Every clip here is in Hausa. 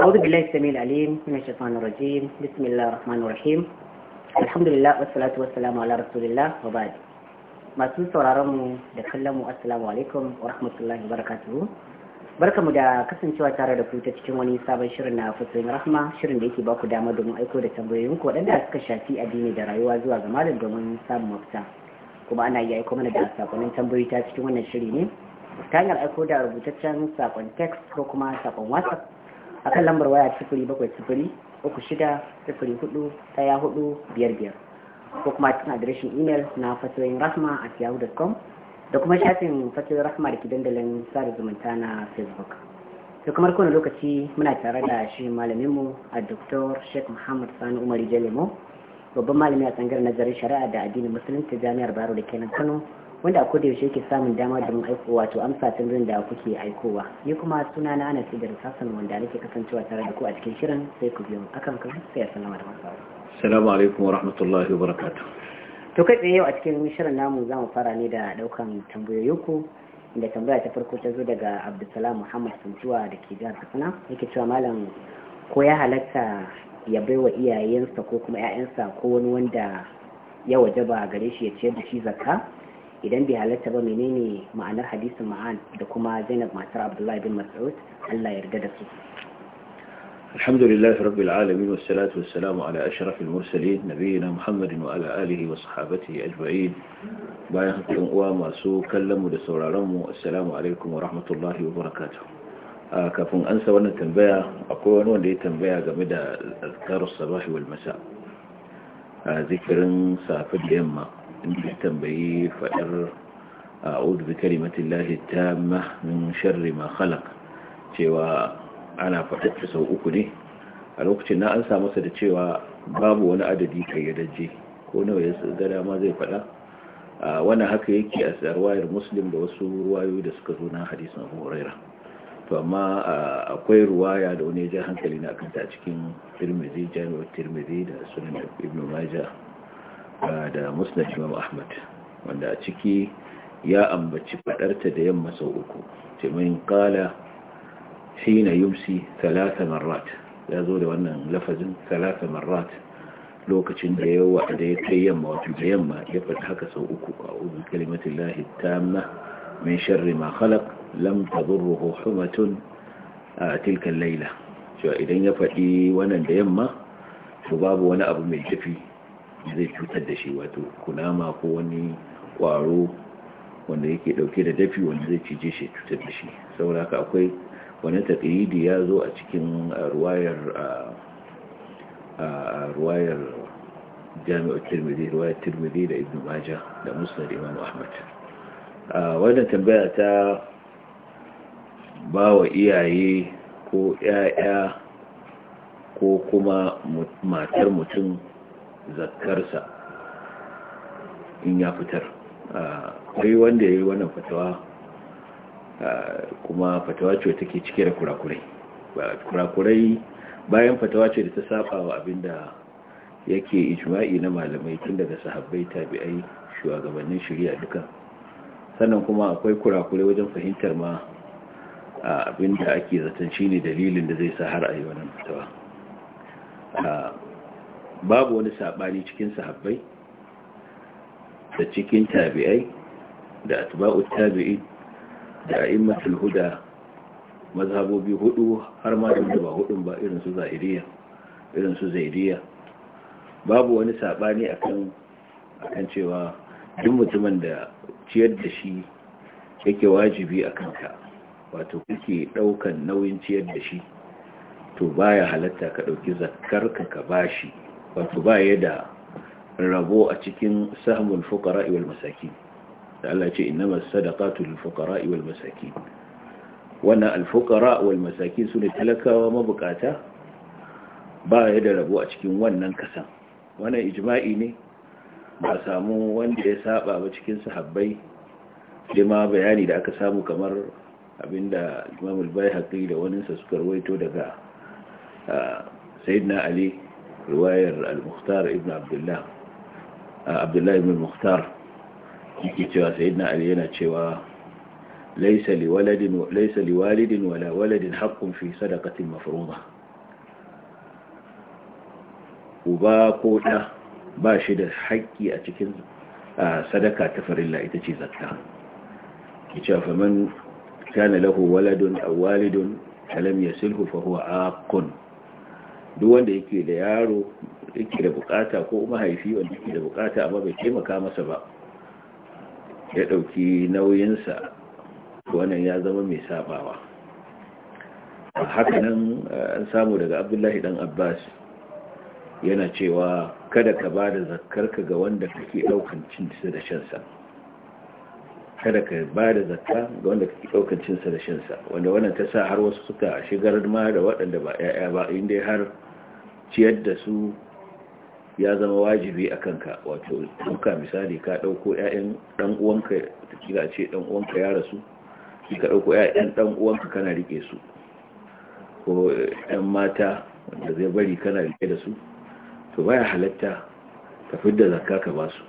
أعوذ بالله السميع العليم من الشيطان الرجيم بسم الله الرحمن الرحيم الحمد لله والصلاة والسلام masu sauraron mu da kallonmu mu assalamu alaikum wa rahmatullahi wa barakatuhu barkamu da kasancewa tare da ku ta cikin wani sabon shirin na fatoyin rahma shirin da yake baku dama domin aiko da tambayoyin ku waɗanda suka shafi addini da rayuwa zuwa ga malam domin samun mafita kuma ana iya aiko mana da sakonnin tambayoyi ta cikin wannan shiri ne ta hanyar aiko da rubutaccen sakon text ko kuma sakon whatsapp a kan lambar waya sifiri bakwai sifiri uku shida sifiri hudu daya hudu biyar biyar ko kuma cikin adireshin imel na fasirin rahma a yahoo.com da kuma shafin fasirin rahma da ke dandalin sada zumunta na facebook to kamar kowane lokaci muna tare da shi malaminmu a dr sheikh muhammad sani umar jelemo babban malami a tsangar nazarin shari'a da addinin musulunci jami'ar baro da kenan kano wanda a koda yaushe yake samun dama da domin aiko wato amsa tun tambayoyin da kuke aikowa ni kuma suna na ana da sassan wanda nake kasancewa tare da ku a cikin shirin sai ku biyo akan kan sai sallama da masu assalamu alaikum wa rahmatullahi wa barakatuh to kai tsaye yau a cikin shirin namu zamu fara ne da daukan tambayoyinku inda tambaya ta farko ta zo daga Abdulsalam Muhammad sunjuwa da ke jihar Katsina yake cewa malam ko ya halatta ya bai wa iyayensa ko kuma 'ya'yansa ko wani wanda ya wajaba gare shi ya ciyar da shi zakka idan bai halatta ba menene ma'anar hadisin ma'an da kuma zainab matar abdullahi bin mas'ud allah yarda da su الحمد لله رب العالمين والصلاة والسلام على أشرف المرسلين نبينا محمد وعلى آله وصحابته أجمعين بايخ الأمواء مرسو كلموا لسورة رمو السلام عليكم ورحمة الله وبركاته كفون أنسى وانا تنبيع أقول وانا لي تنبيع قمد أذكار الصباح والمساء ذكر سافد يمّا inda ya tambayi faɗar a'udhu bi kalimatillahi tamma min sharri cewa ana faɗar sau uku ne a lokacin na an samu sa da cewa babu wani adadi ka kayyadajje ko nawa ya ga dama zai faɗa wannan haka yake a tsarwayar muslim da wasu ruwayoyi da suka zo na hadisin abu huraira to amma akwai ruwaya da wani ya hankali na kanta a cikin tirmidhi jami'ar tirmidhi da sunan ibnu maja. da musnad imam ahmad wanda a ciki ya ambaci fadarta da yamma sau uku ce min shi hina yumsi talata marrat ya zo da wannan lafazin thalatha marrat lokacin da yawa da ya kai yamma wato da yamma ya faɗi haka sau uku a uzun kalimatin lahi tamma min sharri ma khalaq lam tadurruhu humatun a tilkan laila cewa idan ya faɗi wannan da yamma to babu wani abu mai tafi zai cutar da shi wato kunama ko wani kwaro wanda yake dauke da dafi wanda zai cije shi cutar da shi saboda haka akwai wani taqidi ya zo a cikin ruwayar a ruwayar jami'ar tirmidhi ruwayar tirmidhi da ibn majah da musnad imam ahmad wannan tambaya ta ba wa iyaye ko 'ya'ya ko kuma matar mutum Zakarsa in ya fitar akwai wanda ya yi wannan fatawa kuma fatawa ce take cike da kurakurai kurakurai bayan fatawa ce da ta saba wa abinda yake ijma'i na malamai tun daga sahabbai tabi'ai shugabannin shari'a duka sannan kuma akwai kurakurai wajen fahimtar ma abinda ake zaton ne dalilin da zai sa har a yi wannan fatawa babu wani saɓani cikin sahabbai da cikin tabi'ai da atba'u tabi'i da a'immatul huda mazhabobi hudu har ma da ba hudun ba irin su zahiriya irin su babu wani saɓani akan akan cewa duk mutumin da ciyar da shi yake wajibi a kanka wato kuke daukan nauyin ciyar da shi to baya halatta ka dauki zakkar ka ka bashi wato ba ya da rabo a cikin sahmul fukara iwal masaki. da Allah ce innamas sadaqatu lil fuqara iwal masaki. wannan al iwal masaki su sune talakawa mabukata ba ya da rabo a cikin wannan kasan wannan ijma'i ne ba samu wanda ya saba ba cikin sahabbai sai bayani da aka samu kamar abinda Imam bai haƙi da waninsa suka rawaito daga ah, na Ali riwayar al-mukhtar ibn abdullah ibn mukhtar cewa sayyidina yana cewa laysa waladin laysa li walidin wala waladin haqqun fi sadaqatin uba ko da ba shi da hakki a cikin sadaka ta farilla ita ce zakka yace fa man kana lahu waladun aw walidun falam yasilhu duk wanda yake da yaro yake da bukata ko mahaifi wanda yake da bukata amma bai taimaka masa ba ya dauki nauyinsa wannan ya zama mai sabawa hakanan eh, an samu daga abdullahi dan abbas yana cewa kada ka ba da zakkarka ga wanda kake daukan cinsa da shansa kada ka ba da zakka ga wanda kake ɗaukar cinsa da sa wanda wannan ta sa har wasu suka shigar ma da waɗanda ba ‘ya'ya ba inda har ciyar da su ya zama wajibi a kanka wato duka misali ka ɗauko ‘ya'yan 'dan uwanka kila ce 'dan uwanka ya rasu ka ɗauko ‘ya'yan ɗan uwanka kana rike su ko ‘yan mata wanda zai bari kana rike da su to baya halatta ka fidda zakka ka ba su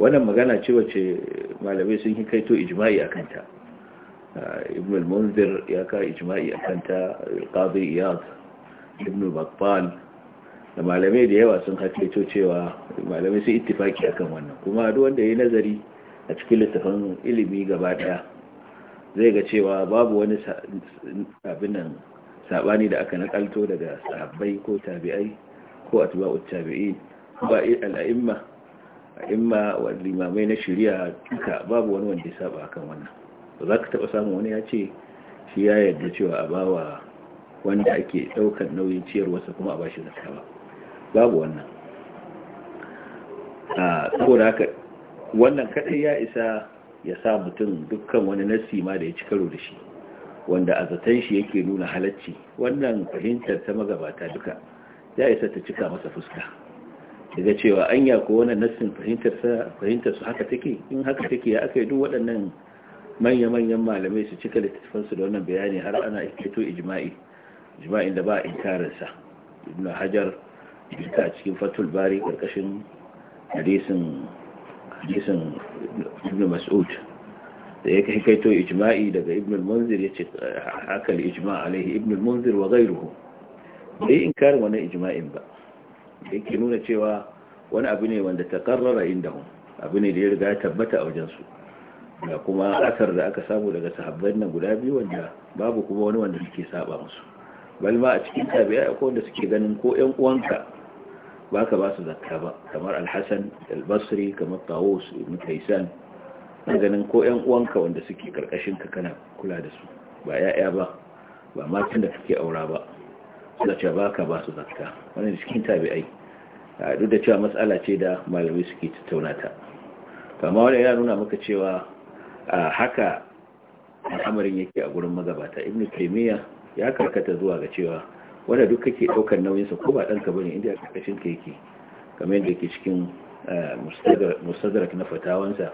wannan magana ce wacce malamai sun yi kaito ijma'i a kanta ah, ibn al-munzir ya ka ijma'i a kanta al-qadi iyad ibn bakbal da malamai da yawa sun hakaito cewa malamai sun ittifaki akan wannan kuma duk wanda ya nazari a cikin littafin ilimi gaba daya zai ga cewa babu wani abin nan sabani da aka nakalto daga sahabbai ko tabi'ai ko atba'ut tabi'in ba al-a'imma a'imma wa limamai na shari'a duka babu wani wanda ya saba akan wannan ba za ka taba samun wani ya ce shi ya yarda cewa a bawa wanda ake daukan nauyin ciyarwarsa kuma a bashi zakka ba babu wannan a saboda haka wannan kadai ya isa ya sa mutum dukkan wani nasi ma da ya ci karo da shi wanda a zaton shi yake nuna halacci wannan fahimtar ta magabata duka ya isa ta cika masa fuska daga cewa anya ko wannan nassin fahimtar su haka take in haka take ya aka yi duk waɗannan manya-manyan malamai su cika littattafansu da wannan bayani har ana keto ijma'i ijma'in da ba a inkarinsa ibn hajar ta cikin fatul bari karkashin hadisin hadisin ibn mas'ud da ya kai kaito ijma'i daga ibn al-munzir yace haka al-ijma' alaihi ibn al-munzir wa ghayruhu bai inkarin wannan ijma'in ba yake nuna cewa wani abu ne wanda ta karrara inda hun abu ne da ya riga ya tabbata a wajensu da kuma asar da aka samu daga sahabban nan guda biyu wanda babu kuma wani wanda suke saba musu bal ma a cikin tabi'a akwai wanda suke ganin ko ƴan uwanka ba ka ba su zakka ba kamar al-Hasan al-Basri kamar Tawus ibn Kaysan ganin ko ƴan uwanka wanda suke karkashin ka kana kula da su ba yaya ba ba matan da kake aura ba da cewa ba ka ba su zakka wani cikin tabi'ai duk da cewa matsala ce da malamai suke tattaunata ta kama wani ya nuna maka cewa haka al'amarin yake a gurin magabata ibnu taymiya ya karkata zuwa ga cewa wanda duk kake daukar nauyinsa ko ba danka ne inda karkashin ka yake kamar yadda yake cikin mustadrak na fatawansa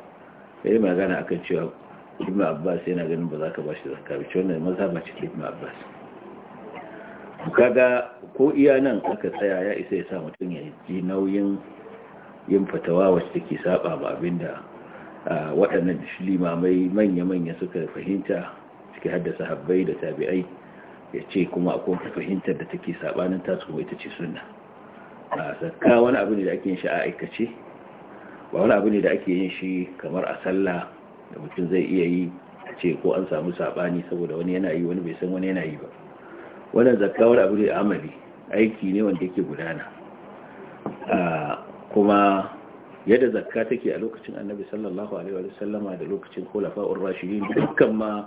sai magana akan cewa ibnu abbas yana ganin ba za ka ba shi zakka ba ce wannan mazhaba ce abbas kaga ko iya nan aka tsaya ya isa ya sa mutum ya ji nauyin yin fatawa wacce take saba ba abinda waɗannan limamai manya-manya suka fahimta suke haddasa habbai da tabi'ai ya ce kuma akwai fahimtar da take sabanin su kuma ita ce a saka wani abu ne da ake yin shi a aikace ba wani abu ne da ake yin shi kamar a sallah da mutum zai iya yi a ce ko an samu sabani saboda wani yana yi wani bai san wani yana yi ba wannan zakawar abu ne amali aiki ne wanda yake gudana kuma yadda zakka take a lokacin annabi sallallahu alaihi wa sallama da lokacin khulafa'ur rashidin dukkan ma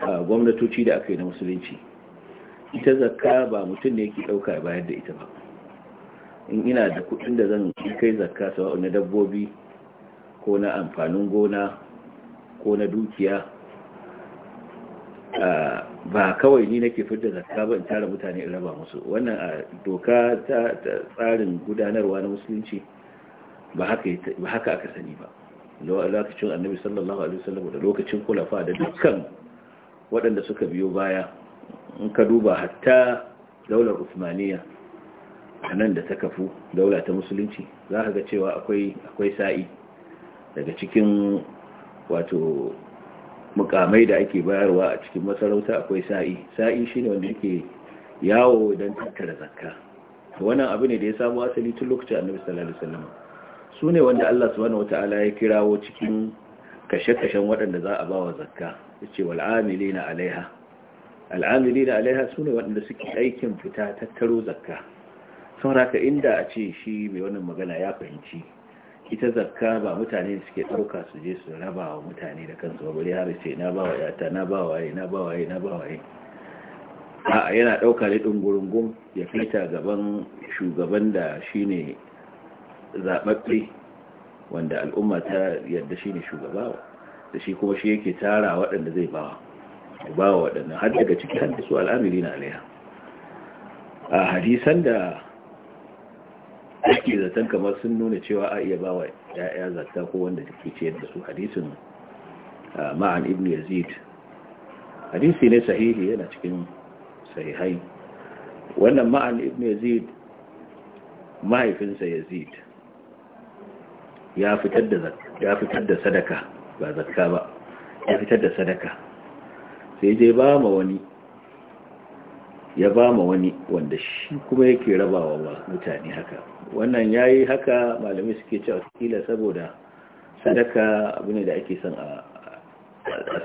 gwamnatoci da aka yi na musulunci ita zakka ba mutum ne yake dauka bayar da ita ba in ina da kudin da zan kai zakka sawa'u na dabbobi ko na amfanin gona ko na dukiya ba kawai ni nake fidda zakka ba in tara mutane in raba musu wannan a doka ta tsarin gudanarwa na musulunci ba haka aka sani ba lokacin annabi sallallahu alaihi wasallam da lokacin kulafa da dukkan waɗanda suka biyo baya in ka duba hatta daular usmaniya a nan da ta kafu daula ta musulunci za ka ga cewa akwai sa'i daga cikin wato mukamai da ake bayarwa a cikin masarauta akwai sa'i sa'i shine wanda yake yawo don tattara zakka wannan abu ne da ya samu asali tun lokacin annabi sallallahu alaihi wasallam su ne wanda Allah subhanahu wataala ya kirawo cikin kashe-kashen waɗanda za a bawa zakka yace wal amilina alaiha al amilina alaiha su ne waɗanda suke aikin fita tattaro zakka saboda inda a ce shi mai wannan magana ya fahimci ita zakka ba mutane suke ɗauka su je su raba wa mutane da kansu bari har ce na ba wa yata na ba yi na ba yi na ba yi a yana ɗauka ne ɗungurungun ya fita gaban shugaban da shine zaɓaɓɓe wanda al'umma ta shi shine shugaba da shi kuma shi yake tara waɗanda zai bawa bawa waɗanda har daga cikin su al'amiri na alaiha a hadisan da ake zaton kamar sun nuna cewa a iya bawa ya'ya zata ko wanda take ciyar da su hadisin ma'an ibn yazid hadisi ne sahihi yana cikin sahihai wannan ma'an ibn yazid mahaifinsa yazid ya fitar da sadaka ba zakka ba ya fitar da sadaka sai je ba ma wani ya ba ma wani wanda shi kuma yake rabawa wa mutane haka wannan ya yi haka malamai suke cewa kila saboda sadaka abu ne da ake son a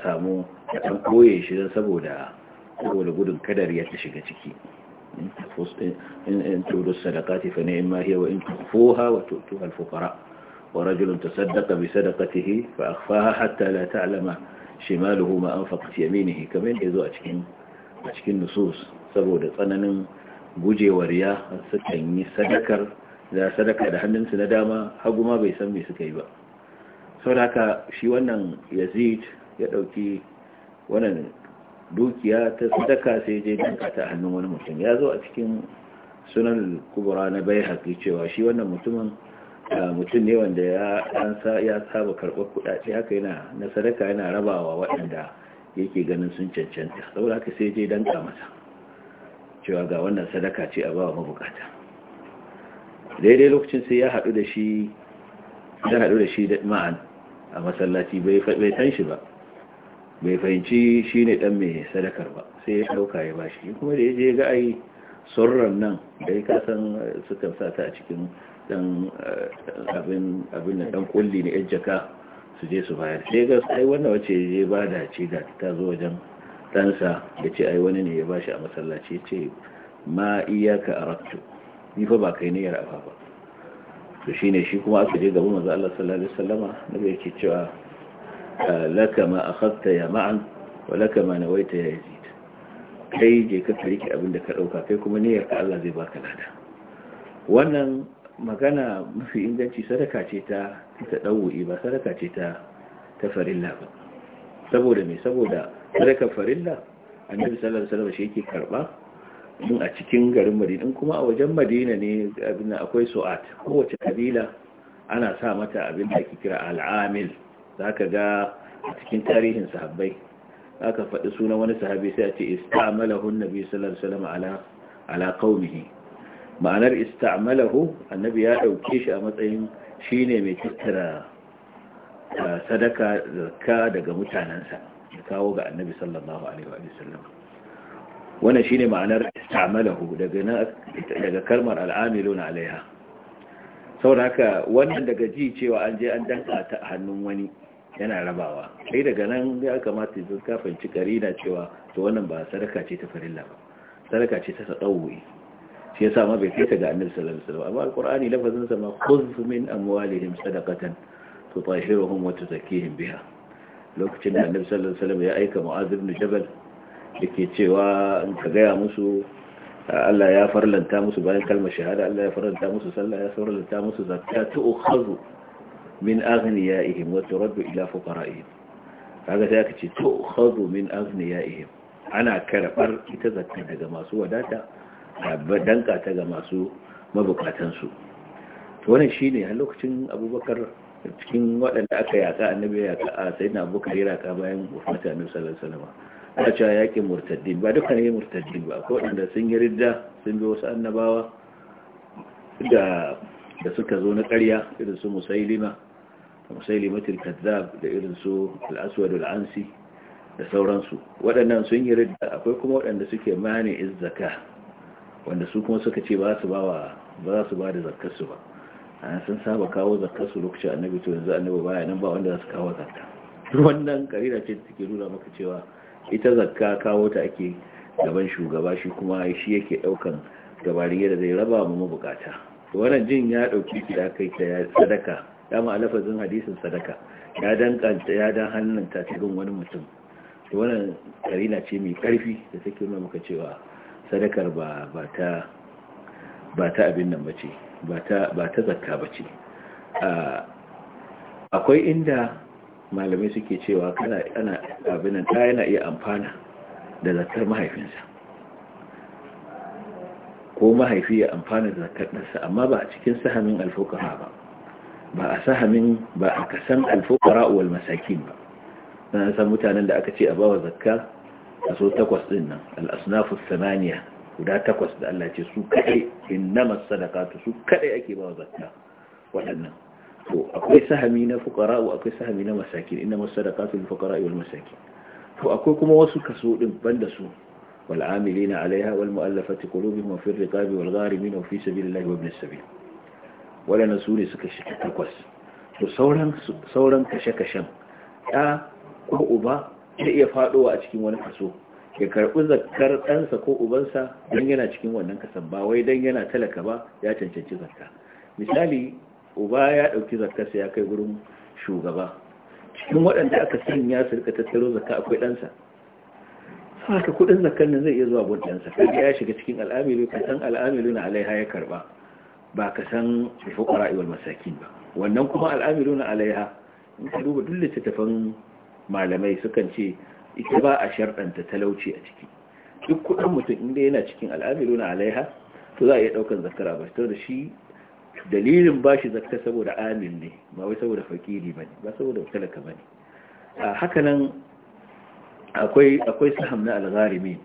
samu ɗan koye shi don saboda saboda gudun kadar ya ta shiga ciki in tudu sadakati fa ni'ma hiya wa in tufuha wa tu'tuha al-fuqara wa rajulun tasaddaqa bi sadaqatihi fa akhfaha hatta la ta'lama shimaluhu ma anfaqat yaminihi kamar yazo a cikin a cikin nusus saboda tsananin gujewar riya kan yi sadakar da sadaka da hannunsu na dama hagu ma bai san me suka yi ba sau da haka shi wannan yazid ya dauki wannan dukiya ta sadaka sai je danka ta hannun wani mutum ya zo a cikin sunan kubura na bai haƙi cewa shi wannan mutumin mutum ne wanda ya saba karɓar kuɗaɗe haka yana na sadaka yana rabawa waɗanda yake ganin sun cancanta saboda haka sai je danka masa cewa ga wannan sadaka ce a bawa mabukata daidai lokacin sai ya haɗu da shi ya haɗu da shi ma'an a masallaci bai san shi ba bai fahimci shi ne ɗan mai sadakar ba sai ya ɗauka ya shi kuma da ya je ga ai surran nan da ya kasan eh, sukan sa ta a cikin ɗan eh, abin da ɗan kulli na yan jaka su je su bayar sai ga ai wannan wacce ya ba da ce da ta zo wajen ɗansa ya ce ai wani ne ya ba shi a masallaci ce ma iyaka a rattu ni fa ba kai niyyar a fafa to shine shi kuma aka je gaba maza Allah sallallahu alaihi wasallama bai ke cewa laka ma akhadta ya ma'an wa laka ma waita ya zita kai je ka tariki abin da ka ɗauka kai kuma niyar ka Allah zai baka lada wannan magana mafi inganci sadaka ce ta ta dawu'i ba sadaka ce ta ta farilla ba saboda me saboda sadaka farilla annabi sallallahu alaihi wasallam shi yake karba mun a cikin garin madina kuma a wajen madina ne abin akwai su'at kowace kabila ana sa mata abin da ake kira al'amil zaka ga a cikin tarihin sahabbai aka faɗi sunan wani sahabi sai a ce istamalahu annabi sallallahu alaihi wasallam ala ala qaumihi ma'anar istamalahu annabi ya dauke shi a matsayin shine mai tattara eh, sadaka zakka daga mutanansa ya kawo ga annabi sallallahu alaihi wa sallam wannan shine ma'anar istamalahu daga daga kalmar al'amiluna alaiha saboda haka wannan daga ji cewa an je an danka ta hannun wani yana rabawa sai daga nan ya kamata su kafin cikari da cewa to wannan ba sadaka ce ta farilla ba sadaka ce ta sadawi shi yasa ma bai kai ta ga annabi sallallahu alaihi wasallam amma alqur'ani lafazin sa ma khudh min amwalihim sadaqatan tutahhiruhum wa tuzakkihim biha lokacin da annabi sallallahu alaihi wasallam ya aika mu'az ibn jabal dake cewa in ka gaya musu Allah ya farlanta musu bayan kalmar shahada Allah ya farlanta musu sallah ya farlanta musu zakka tu'khadhu min aghniyaihim wa turaddu ila fuqara'ihim kaga sai aka ce tu'khadhu min aghniyaihim ana karbar ita zakka daga masu wadata da danka ta ga masu mabukatan su to wannan shine a lokacin Abubakar cikin waɗanda aka yaka annabi ya ƙa'a sai na abubakar ya yaka bayan wafata annabi sallallahu salama, wasallam ana cewa yaƙin murtaddin ba dukkan ne murtaddin ba ko waɗanda sun yi ridda sun bi wasu annabawa da suka zo na ƙarya irin su musailima musailimatul kazzab da irin su al al'ansi da sauransu waɗannan sun yi ridda akwai kuma waɗanda suke mani izzaka wanda su kuma suka ce ba su ba ba su ba da zakkarsu ba sun saba kawo zakar su lokacin annabi to yanzu annabi baya nan ba wanda za su kawo zakka wannan karira ce take nuna maka cewa ita zakka kawo ta ake gaban shugaba shi kuma shi yake daukan gabari da zai raba mu mabukata wannan jin ya dauki shi da kai ta sadaka dama alafazin hadisin sadaka ya dankanta ya dan hannun ta cikin wani mutum to wannan karina ce mai karfi da take nuna maka cewa sadakar ba ba ta ba ta abin nan bace ba ta zakka ba ce akwai inda malamai suke cewa kana ana abinan ta yana iya amfana da zakkar mahaifinsa ko mahaifi ya amfana da zakkar ɗansa amma ba a cikin sahamin alfokara ba ba a sahamin ba a kasan alfokara uwal masakin ba na san mutanen da aka ce a bawa zakka kaso takwas ɗin nan al'asnafu samaniya guda takwas da Allah ce su kadai innamas sadaqatu su kadai ake ba zakka waɗannan to akwai sahami na fuqara wa akwai sahami na masakin innamas sadaqatu lil fuqara wal masakin to akwai kuma wasu kaso din banda su wal amilina alaiha wal mu'allafati qulubuhum fi riqabi wal gharimin fi sabilillahi wa ibn sabil waɗannan su ne suka shiga takwas to sauran sauran kashe-kashen ya ko uba zai iya faɗowa a cikin wani kaso ya karɓi zakar ɗansa ko ubansa don yana cikin wannan kasan ba wai don yana talaka ba ya cancanci zakka misali uba ya ɗauki zakarsa ya kai gurin shugaba cikin waɗanda aka sanya ya rika tattaro zakka akwai ɗansa haka kuɗin zakar nan zai iya zuwa gun ɗansa ya shiga cikin al'amilu ka san al'amilu na alaiha ya karɓa ba ka san fuqara masakin ba wannan kuma al'amilu na alaiha in ka duba duk littattafan malamai sukan ce ita ba a sharɗanta talauci a ciki duk kuɗin mutum inda yana cikin al'amiruna alaiha to za a iya ɗaukar zakara ba da shi dalilin ba shi zakka saboda amin ne ba wai saboda fakiri ba ne ba saboda talaka ba ne a haka nan, akwai saham na algharimin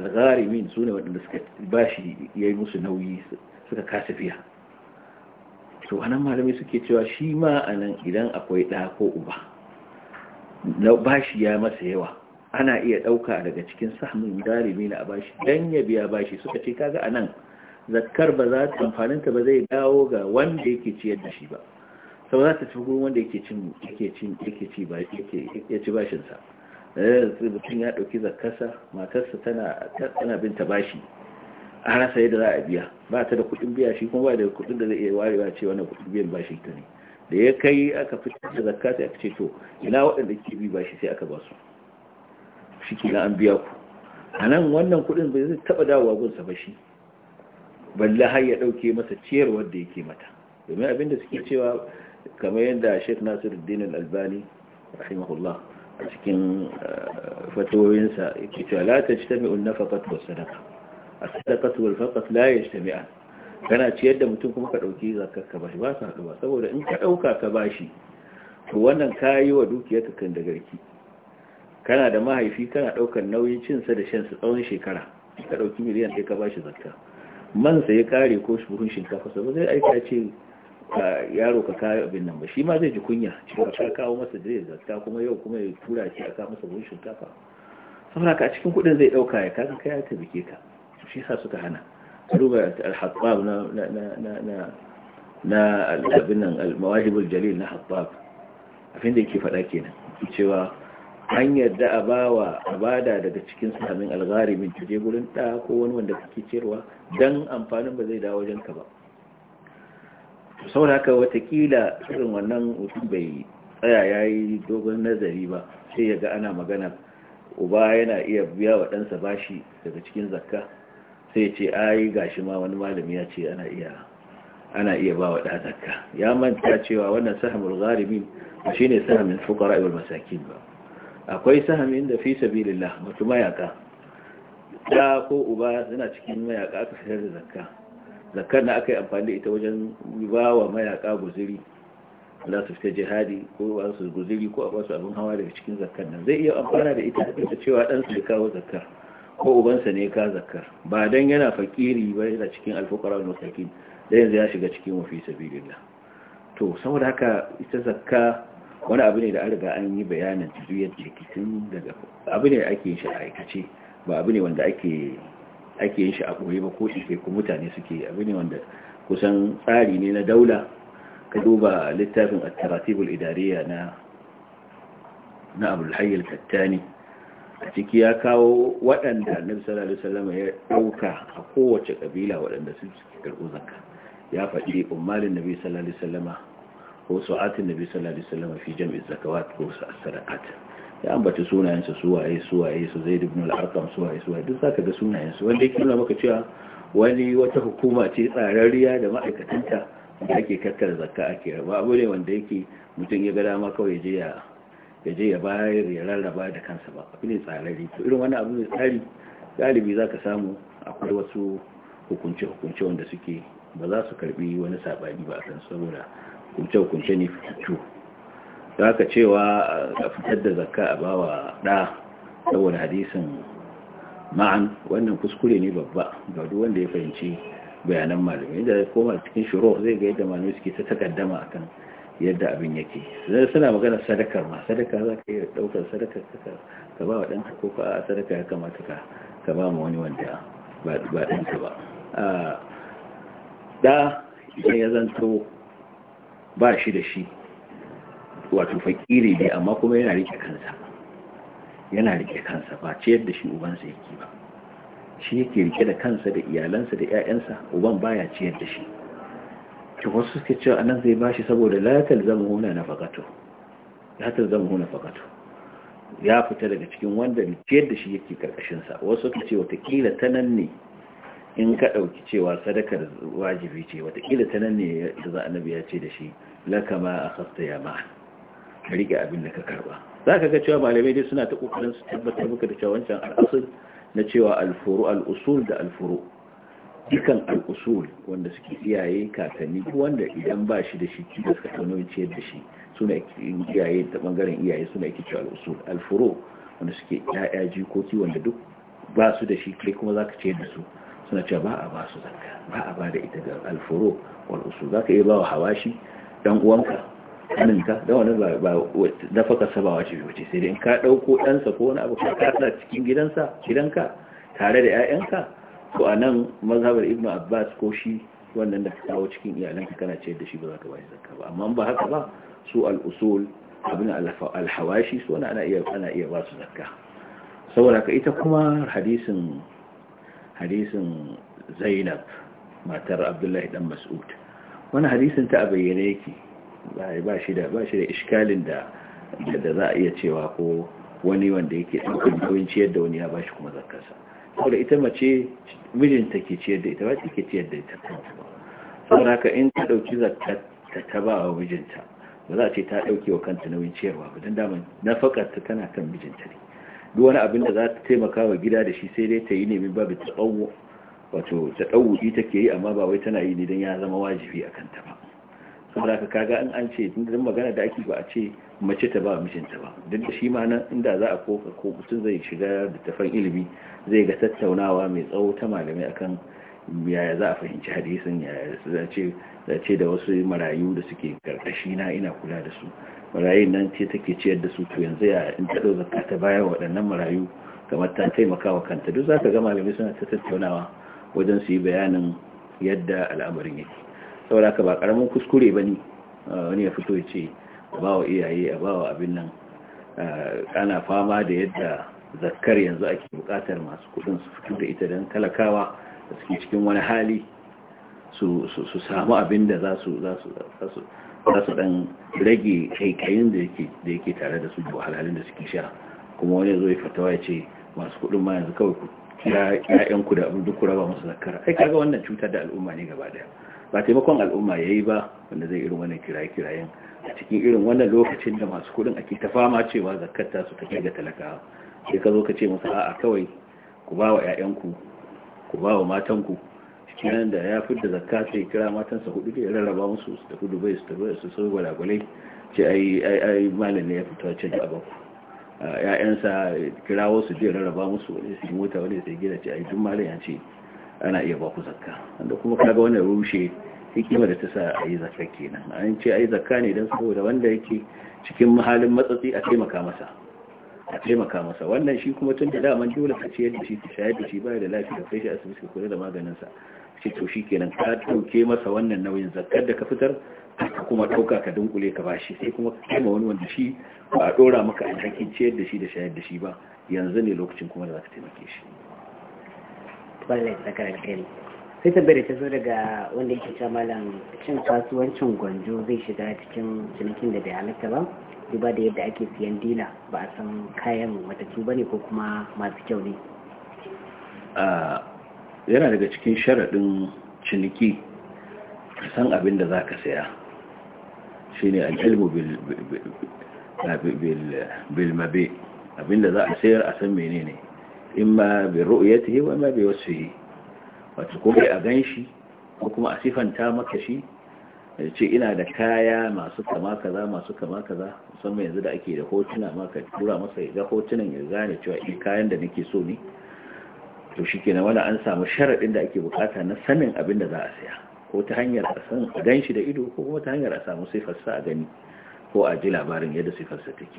algharimin su ne waɗanda suka ba shi ya yi musu nauyi suka kasa fiya to wannan malamai suke cewa shi ma a nan idan akwai ɗa ko uba na bashi ya masa yawa ana iya ɗauka daga cikin samun galibi na bashi don ya biya bashi suka ce kaga a nan zakkar ba za ta amfaninta ba zai dawo ga wanda yake ciyar da shi ba sau za ta ci gurin wanda yake cin yake cin yake ci ba yake ci bashinsa eh, mutum ya ɗauki zakkarsa matarsa tana tana ta bashi a sai da za a biya ba ta da kuɗin biya shi kuma ba da kuɗin da zai iya warewa ce wannan kuɗin biyan bashi ta ne da ya kai aka fitar da zakka aka ce to ina waɗanda ke bi ba shi sai aka ba su shi ke na an biya ku a nan wannan kuɗin bai zai taɓa dawowa gunsa ba shi balla har ya ɗauke masa ciyarwar da yake mata domin abinda suke cewa kamar yadda sheikh nasiruddin al-albani rahimahullah a cikin eh, fatawoyinsa yake cewa la tajtami'u an-nafaqatu was-sadaqa as-sadaqatu wal-faqat la yajtami'an kana ciyar da mutum kuma ka ɗauki zakar ka bashi ba su ba, saboda in ka ɗauka ka bashi to wannan ka yi wa dukiyar ka kan da garki kana da mahaifi kana ɗaukar nauyin cinsa da shansa tsawon shekara ka ɗauki miliyan ɗaya ka bashi zakka man sai ya kare ko buhun shinkafa sai zai aika ce yaro ka kawo abin nan ba shi ma zai ji kunya cewa ka kawo masa da zakka kuma yau kuma ya tura shi a kawo masa buhun shinkafa saboda ka a cikin kuɗin zai ɗauka ya kaga kai ya tabbike ka shi sa suka hana duba al-hattab na na na na abin nan al al jalil na hattab abin da yake faɗa kenan cewa an yarda a bawa abada daga cikin samin algharimin ta je gurin da ko wani wanda kake cewa dan amfanin ba zai dawo ka ba saboda haka watakila irin wannan mutum bai tsaya ya yi dogon nazari ba sai ya ga ana magana uba yana iya biya wa ɗansa bashi daga cikin zakka sai ce ai gashi ma wani malami ya ce ana iya ana iya ba wa ɗazarka ya manta cewa wannan sahamin gharibin shi ne sahamin fukara iwal masakin ba akwai sahamin da fi sabilillah mutu mayaka da ko uba suna cikin mayaka aka fitar da zakka zakkar na aka yi amfani da ita wajen ba wa mayaka guziri za su fita jihadi ko ba su guziri ko a basu abin hawa daga cikin zakkar nan zai iya amfana da ita da cewa ɗansu da kawo zakkar ko ubansa ne ka zakar ba dan yana fakiri ba yana cikin alfuqara wal masakin da yanzu ya shiga cikin wafi sabilillah to saboda haka ita zakka wani abu ne da an riga an yi bayanin juyar jikitin daga abu ne ake yin shi a aikace ba abu ne wanda ake ake yin shi a ɓoye ba ko shi ku mutane suke abu ne wanda kusan tsari ne na daula ka duba littafin at-taratibul idariya na na Abdul Hayy al-Kattani a ciki ya kawo waɗanda annabi sallallahu alaihi ya ɗauka a kowace ƙabila waɗanda suke karɓo zaka. ya faɗi umarin nabi sallallahu alaihi wasallama ko su'atin nabi sallallahu alaihi wasallama fi jam'i zakawat ko sadaqat ya ambata sunayen su suwaye suwaye su zaid ibn al-arqam suwaye suwaye duk zaka ga sunayen su wanda yake nuna maka cewa wani wata hukuma ce tsararriya da ma'aikatanta da ake kakkar zakka ake raba abu ne wanda yake mutum ya ga dama kawai je ya ya je ya bayar ya rarraba da kansa ba abu ne tsarari to irin wani abu ne tsari galibi za ka samu akwai wasu hukunce-hukunce wanda suke ba za su karbi wani saɓani ba a kan saboda hukunce-hukunce ne fito za ka cewa a fitar da zakka a bawa ɗa saboda hadisin ma'an wannan kuskure ne babba ga duk wanda ya fahimci bayanan malamai da koma cikin shiro zai ga yadda malamai suke ta takaddama akan yadda abin yake zai suna magana sadakar ma sadaka za ka da daukar sadakar ka ba wa ɗanka ko ka sadaka ya kamata ka ka ba ma wani wanda ba ɗanka ba da idan ya zanto ba shi da shi wato fakiri ne amma kuma yana rike kansa yana rike kansa ba ce yadda shi ubansa yake ba shi yake rike da kansa da iyalansa da 'ya'yansa uban baya ciyar da shi ki wasu suke cewa anan zai bashi saboda la talzamuhu nafaqatu la talzamuhu ya fita daga cikin wanda ciyar da shi yake karkashin wasu suka ce watakila nan ne in ka ɗauki cewa sadakar wajibi ce watakila nan ne da za annabi ya ce da shi laka a akhasta ya ma ka rike abin da ka karba zaka ga cewa malamai dai suna ta kokarin su tabbatar maka da cewa wancan al'asul na cewa alfuru al-usul da al dukan al'usul wanda suke iyaye kakanni wanda idan ba shi da shi da suka taunoyin ciyar da shi suna iyaye da bangaren iyaye suna ake cewa al'usul alfuro wanda suke ya'ya jikoki wanda duk ba su da shi kai kuma za ka ciyar da su suna cewa ba a ba su zakka ba a ba da ita ga alfuro wal usul za ka iya ba wa hawashi dan uwanka ɗaninka da wani ba dafaka saba ce wuce sai dai in ka ɗauko ɗansa ko wani abu ka kasa cikin gidansa gidanka tare da 'ya'yanka ko a nan mazhabar ibnu abbas ko shi wannan da ka kawo cikin iyalanka kana ciyar da shi ba za ka bashi zakka ba amma ba haka ba su al-usul abin al-hawashi su ana iya ana iya ba su zakka saboda ka ita kuma hadisin hadisin Zainab matar Abdullahi dan Mas'ud wani hadisin ta bayyane yake ba shi da ba shi da iskalin da da za a iya cewa ko wani wanda yake ɗaukar nauyin ciyar da wani ya bashi kuma zakkarsa saboda ita mace mijinta ke ciyar da ita ba ta ke ciyar da ita saboda haka in ta dauki zakka ta ba wa mijinta ba za a ce ta dauke wa kanta nauyin ciyarwa ba don daman ta tana kan mijinta ne duk wani abin da za ta taimaka wa gida da shi sai dai ta yi ne min babu ta tsawo wato ta dauki take yi amma ba wai tana yi ne don ya zama wajibi a kanta ba saboda ka kaga in an ce da magana da ake ba a ce mace ta ba mijinta ba duk da shi ma nan inda za a kofa ko mutum zai shiga da tafan ilimi zai ga tattaunawa mai tsawo ta malamai akan yaya za a fahimci hadisin yaya za ce za ce da wasu marayu da suke karkashi na ina kula da su marayun nan ce take ciyar da su to yanzu ya in ta dauka zakka ta bayar waɗannan marayu kamar ta taimaka wa kanta duk za ka ga malamai suna ta tattaunawa wajen su yi bayanin yadda al'amarin yake saboda ka ba karamin kuskure ba ne ah, wani ya fito ya ce a ba wa iyaye a ba wa abin nan ah, ana fama da yadda zakkar yanzu ake bukatar masu kudin su fito da ita don talakawa da suke cikin wani hali su samu abin da za su dan rage kaikayin da yake tare da su da wahalhalin da suke sha kuma wani zo ya fatawa ya ce masu kudin ma yanzu kawai ku kira 'ya'yanku da abin duk raba masu zakkar ai kaga wannan cutar da al'umma ne gaba daya ba taimakon al'umma ya yi ba wanda zai irin wannan kiraye-kirayen a cikin irin wannan lokacin da masu kudin ake ta fama cewa zakata su tafi ga talakawa sai ka zo ka ce musu a'a kawai ku ba wa 'ya'yanku ku ba wa matanku cikin da ya fi da zakka sai kira matansa hudu da ya rarraba musu su tafi dubai su tafi su sau gwalagwalai ce ai ai malam ne ya fito ce da abaku ya'yansa kira wasu je rarraba musu wani su mota wani sai gida ce ai duk malam ya ce ana iya ba ku zakka wanda kuma kaga wannan rushe hikima da ta sa a yi zakka kenan an ce a yi zakka ne don saboda wanda yake cikin mahalin matsatsi a taimaka masa a taimaka masa wannan shi kuma tun da daman dole ka ciyar da shi ka shayar da shi baya da lafiya kai shi asibiti ka kula da maganinsa ce to shi kenan ka ɗauke masa wannan nauyin zakar da ka fitar ka kuma ɗauka ka dunkule ka bashi sai kuma ka taimaka wani wanda shi ba a ɗora maka alhakin ciyar da shi da shayar da shi ba yanzu ne lokacin kuma da za ka taimake shi. Wallahi tsakarar sai tabbai ta zo daga wanda yake ta malam cin kasuwancin gwanjo zai shiga cikin cinikin da bai halatta ba duba da yadda ake siyan dina ba a san kayan matattu ba ne ko kuma masu kyau ne yana daga cikin sharaɗin ciniki san abin da za ka saya shi ne al'ilmu bilmabe abin da za a sayar a san menene in ma bi ru'yatihi wa ma bi yi. wato ko a gan shi ko kuma a sifanta maka shi da ce ina da kaya masu kama kaza masu kama kaza musamman yanzu da ake da hotuna maka tura masa ya ga hotunan ya gane cewa in eh, kayan da nake so ne to shi ke wani an samu sharaɗin da ake bukata na sanin abin da za a saya ko ta hanyar a san a gan shi da ido ko kuma ta hanyar a samu sifarsa a gani ko a ji labarin yadda sifarsa take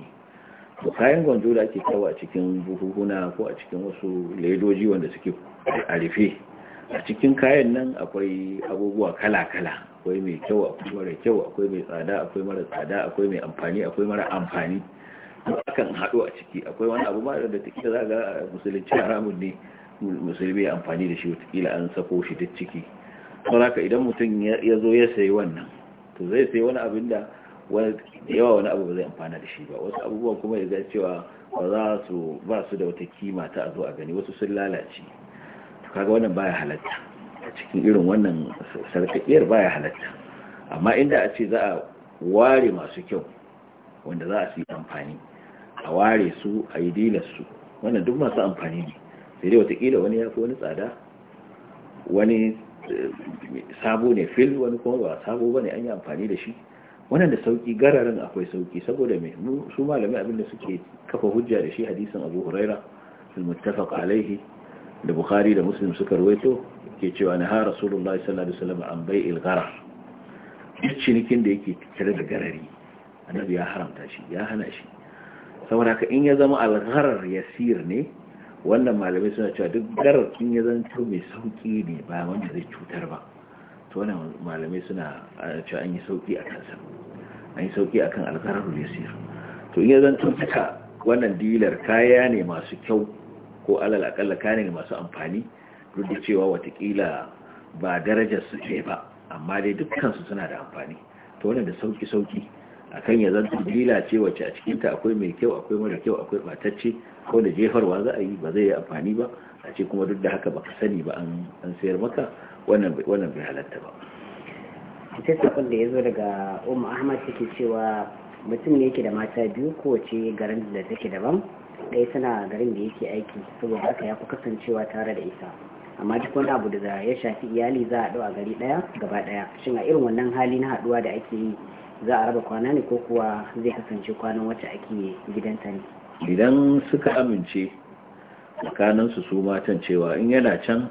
to kayan gwanjo da ake kawo a cikin buhuhuna ko a cikin wasu ledoji wanda suke a rufe a cikin kayan nan akwai abubuwa kala-kala akwai mai kyau akwai mara kyau akwai mai tsada akwai mara tsada akwai mai amfani akwai mara amfani akan haɗo a ciki akwai wani abu mara da take za ga musulunci haramun ne musulmi ya amfani da shi watakila an sako shi duk ciki haka idan mutum ya zo ya sayi wannan to zai sayi wani abin da yawa wani abu ba zai amfana da shi ba wasu abubuwan kuma ya ga cewa ba za su ba su da wata kima ta a zo a gani wasu sun lalace kaga wannan baya halatta a cikin irin wannan sarkakiyar baya halatta amma inda a ce za a ware masu kyau wanda za a su amfani a ware su a yi su wannan duk masu amfani ne sai dai watakila wani ya fi wani tsada wani eh, sabo ne fil wani kuma ba sabo ba ne an yi amfani da shi wannan da sauki gararin akwai sauki saboda mai su malami da suke kafa hujja da shi hadisin abu huraira المتفق Alayhi. da bukhari da muslim suka ruwaito ke cewa na ha rasulullahi sallallahu alaihi wasallam an bai ilgara duk cinikin da yake tare da garari annabi ya haramta shi ya hana shi saboda haka in ya zama algharar yasir ne wannan malamai suna cewa duk garar in ya to mai sauki ne ba wanda zai cutar ba to wannan malamai suna cewa an yi sauki a kansa an yi sauki akan algharar yasir to in ya zama to wannan dilar kaya ne masu kyau ko alal akalla kane ne masu amfani duk da cewa watakila ba darajar su ce ba amma dai dukkansu suna da amfani to wannan da sauki sauki akan ya zanta dila ce wacce a cikinta akwai mai kyau akwai mara kyau akwai batacce ko da jefarwa za a yi ba zai yi amfani ba a ce kuma duk da haka baka sani ba an sayar maka wannan bai halatta ba sai sakon da ya zo daga umar ahmad take cewa mutum ne yake da mata biyu ko kowace garin da take daban ɗaya suna garin da yake aiki saboda haka ya fi kasancewa tare da ita amma duk wani abu da ya shafi iyali za a haɗu a gari ɗaya gaba ɗaya shin a irin wannan hali na haɗuwa da ake yi za a raba kwana ne ko kuwa zai kasance kwanan wacce ake gidanta ne idan suka amince tsakaninsu su matan cewa in yana can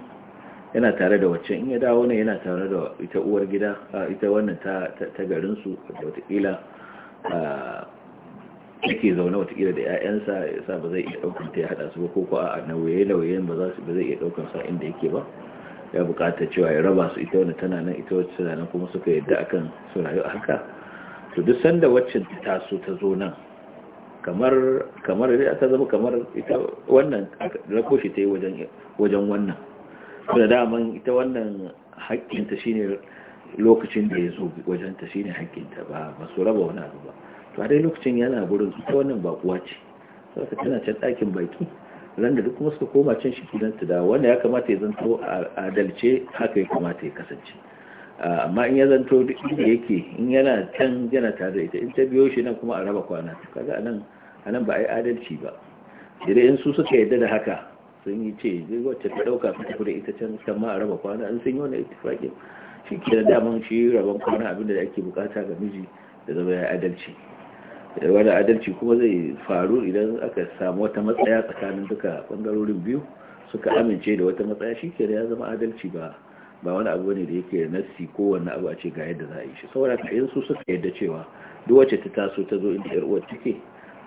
yana tare da wacce in ya dawo ne yana tare da ita uwar gida ita wannan ta garinsu da watakila yake zaune watakila da 'ya'yansa ya sa ba zai iya ɗaukar ta ya haɗa su ba ko kuwa a nauye-nauyen ba zai iya ɗaukar sa inda yake ba ya bukata cewa ya raba su ita wani tana nan ita wacce tana nan kuma suka yadda akan su rayu a haka to duk sanda wacce ta taso ta zo nan kamar kamar ta zama kamar ita wannan rakoshi ta yi wajen wajen wannan da daman ita wannan haƙƙinta shine lokacin da ya zo wajenta shine haƙƙinta ba ba su raba wani abu ba to a dai lokacin yana gurin ko wannan bakuwa ce saboda tana can ɗakin baki ran da duk kuma suka koma can shi gidan ta da wanda ya kamata ya zanto adalce haka ya kamata ya kasance amma in ya zanto duk inda yake in yana can yana tare ita in ta biyo shi nan kuma a raba kwana kaga anan anan ba a yi adalci ba idan in su suka yarda da haka sun yi ce zai wacce ta ɗauka ta ita can kan ma a raba kwana an san yi wani shi ke da daman shi rabon kwana abinda da ake bukata ga miji da zama ya adalci wani adalci kuma zai faru idan aka samu wata matsaya tsakanin duka bangarorin biyu suka amince da wata matsaya shi ke ya zama adalci ba ba wani abu ne da yake nassi ko wani abu a ce ga yadda za a yi shi saboda ka yin su suka yadda cewa duk wacce ta taso ta zo inda yar'uwar take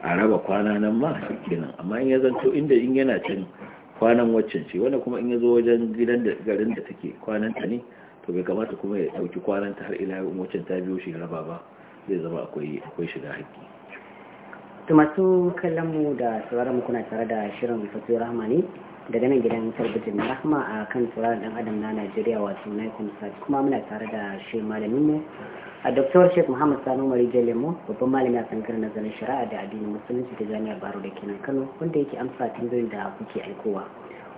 a raba kwana nan ma kenan amma in ya zanto inda in yana can kwanan waccan ce wanda kuma in ya zo wajen gidan da garin da take kwanan ta ne to bai kamata kuma ya dauki kwanan ta har ila waccan ta biyo shi raba ba zai zama akwai akwai shiga hakki. To masu kallon mu da sauraron mu kuna tare da shirin Fatu Rahmani daga nan gidan talabijin na Rahma a kan sauraron dan adam na Najeriya wato Nikon kuma muna tare da shi malamin mu a Dr. Sheikh Muhammad Sani Umar lemo babban malami a na nazarin shari'a da addinin musulunci da Jami'ar Baro da kenan Kano wanda yake amsa tambayoyin da kuke aikowa.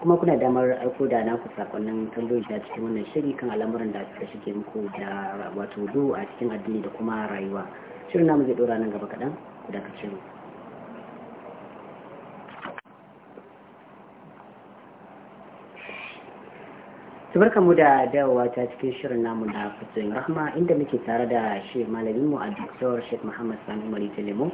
kuma kuna damar aiko da naku sakonnin tambayoyi da cikin wannan shiri kan al'amuran da suka shige muku da wato duhu a cikin addini da kuma rayuwa shirin namu zai dora nan gaba kaɗan ku dakace mu tubarka mu da dawowa ta cikin shirin namu na fatoyin rahma inda muke tare da shi malamin mu a doktor sheikh muhammad sani mari lemu,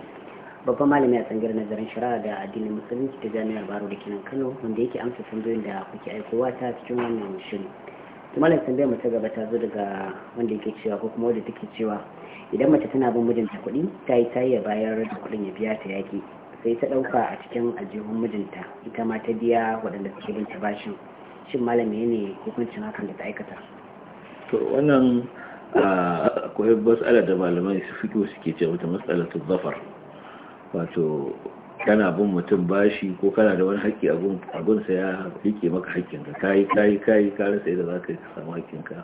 babban malami a tsangar nazarin shari'a da addinin musulunci ta jami'ar baro da kinan kano wanda yake amsa tambayoyin da kuke aikowa ta cikin wannan shirin to malam tambayar mu ta gaba ta zo daga wanda yake cewa ko kuma wanda take cewa idan mace tana bin mijinta kuɗi ta yi ta ya bayar da kuɗin ya biya ta yaki sai ta ɗauka a cikin aljihun mijinta ita ma ta biya waɗanda suke bin ta bashin shin malami ne hukuncin hakan da ta aikata to wannan akwai matsala da malamai su fito suke ce wata matsala ta zafar wato kana bin mutum bashi ko kana da wani haƙƙi abun sa ya rike maka haƙƙinka kayi kayi kayi ka sai da za ka yi ka samu haƙƙinka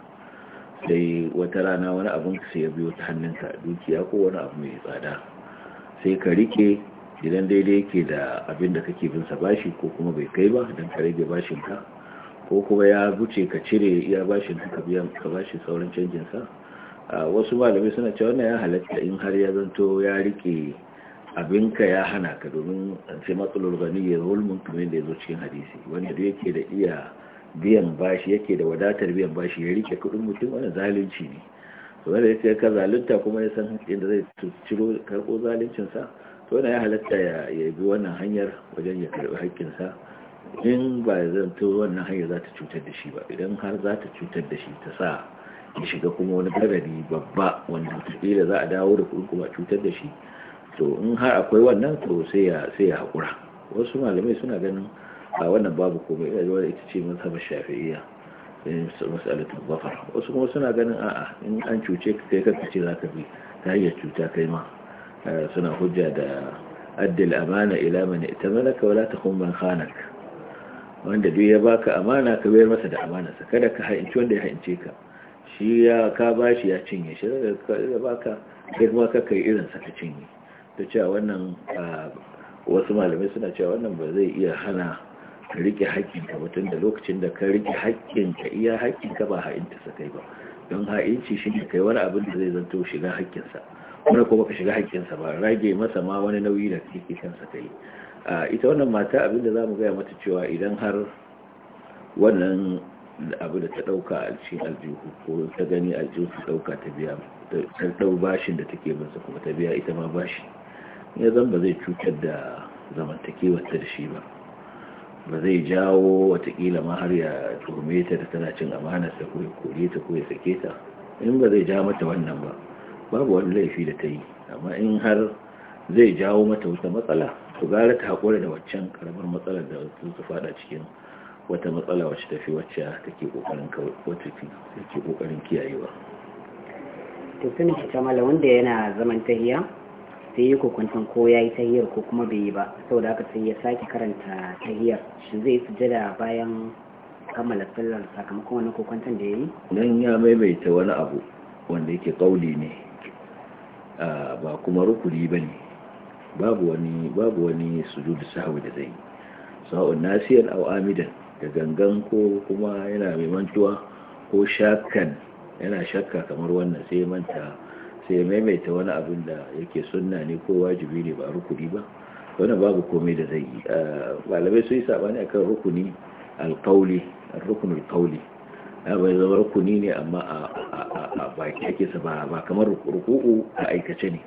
sai wata rana wani abun sai ya biyo ta ka dukiya ko wani abu mai tsada sai ka rike idan daidai yake da abin da kake bin sa bashi ko kuma bai kai ba don ka rage bashin ka. ko kuma ya guce ka cire ya bashi duka biyan ka bashi sauran canjin sa wasu malamai suna cewa wannan ya halatta in har ya zanto ya rike abinka ya hana ka domin sai matsalar gani ya mun kamar da ya zo cikin hadisi wanda da yake da iya biyan bashi yake da wadatar biyan bashi ya rike kudin mutum wani zalunci ne wanda ya ka zalunta kuma ya san inda zai ciro karɓo zaluncinsa to wannan ya halatta ya bi wannan hanyar wajen ya karɓi haƙƙinsa in ba zanto wannan hanyar za ta cutar da shi ba idan har za ta cutar da shi ta sa ya shiga kuma wani garari babba wanda wataƙila za a dawo da kuɗin kuma cutar da shi to in har akwai wannan to sai ya sai haƙura wasu malamai suna ganin a wannan babu komai ya zuwa ita ce mun saba shafi'iyya in eh, mas'alatul zafar wasu kuma suna ganin a'a in an cuce ka kai kanka ce ka bi ta hanyar cuta kai ma eh, suna hujja da addil amana ila man itamalaka wala kuma man khanaka wanda duk ya baka amana ka bayar masa da sa kada ka haince wanda ya haince ka shi ya ka bashi ya cinye shi da baka kai kuma ka kai irin sa ka cinye to cewa wannan wasu malamai suna cewa wannan ba zai iya hana ka rike haƙƙin ka mutum da lokacin da ka rike haƙƙin ka iya haƙƙin ka ba ha'inta sa kai ba don ha'inci shi ne kai wani abin da zai zanto shiga sa wani kuma ka shiga sa ba rage masa ma wani nauyi da kake kansa kai ita wannan mata abinda za mu gaya mata cewa idan har wannan abu da ta ɗauka a cikin aljihu ko ta gani aljihu ta ɗauka ta biya ta ɗau bashin da take masa kuma ta biya ita ma bashi ya zan ba zai cutar da zamantakewar ta da shi ba ba zai jawo watakila ma har ya turme ta da tana cin ta, ko ya kore ta ko ya sake ta in ba zai ja mata wannan ba babu wani laifi da ta yi amma in har zai jawo mata wata matsala Ku gara ta haƙura da waccan karamar matsalar da su fada cikin wata matsala wacce tafi wacce take wacce take ƙoƙarin kiyayewa ta sun ta tamala wanda yana zaman tahiya sai yi kokuntan ko ya yayi tahiyar ko kuma bai yi ba saboda aka sai ya sake karanta tahiyar shi zai sujada bayan kammala sallar sakamakon wani kokuntan da ya yi. Nan ya maimaita wani abu wanda yake kauli ne ba kuma rukuni ne. babu wani babu wani sujudu sahwi da zai sa'un nasiyan aw amidan da gangan ko kuma yana mai mantuwa ko shakkan yana shakka kamar wannan sai manta sai ya maimaita wani abin da yake sunna ne ko wajibi ne ba rukuni ba wannan babu komai da zai yi ah, malamai sun yi sabani akan rukuni alqauli rukunul qauli ah, bai zama rukuni ne amma a baki ake sa ba kamar ruku'u a aikace ne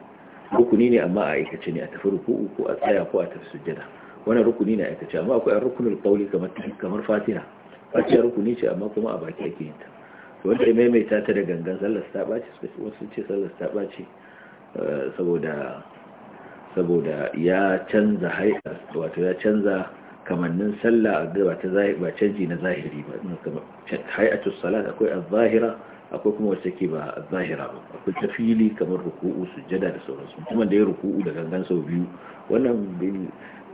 rukuni ne amma a aikace ne a tafi ruku'u ko a tsaya ko a tafi sujjada wannan rukuni ne a aikace amma akwai rukunul qauli kamar kamar fatiha fatiha rukuni ce amma kuma a baki ake yin ta to wanda maimaita ta da gangan sallar ta bace wasu ce sallar ta bace eh, saboda saboda ya canza haika wato ya canza kamannin sallah ba ta ba canji na zahiri ba kamar hay'atus salat akwai az-zahira akwai kuma wacce ke ba a zahira ba akwai ta fili kamar ruku'u jada da sauransu mutumin da ya ruku'u da gangan sau biyu wannan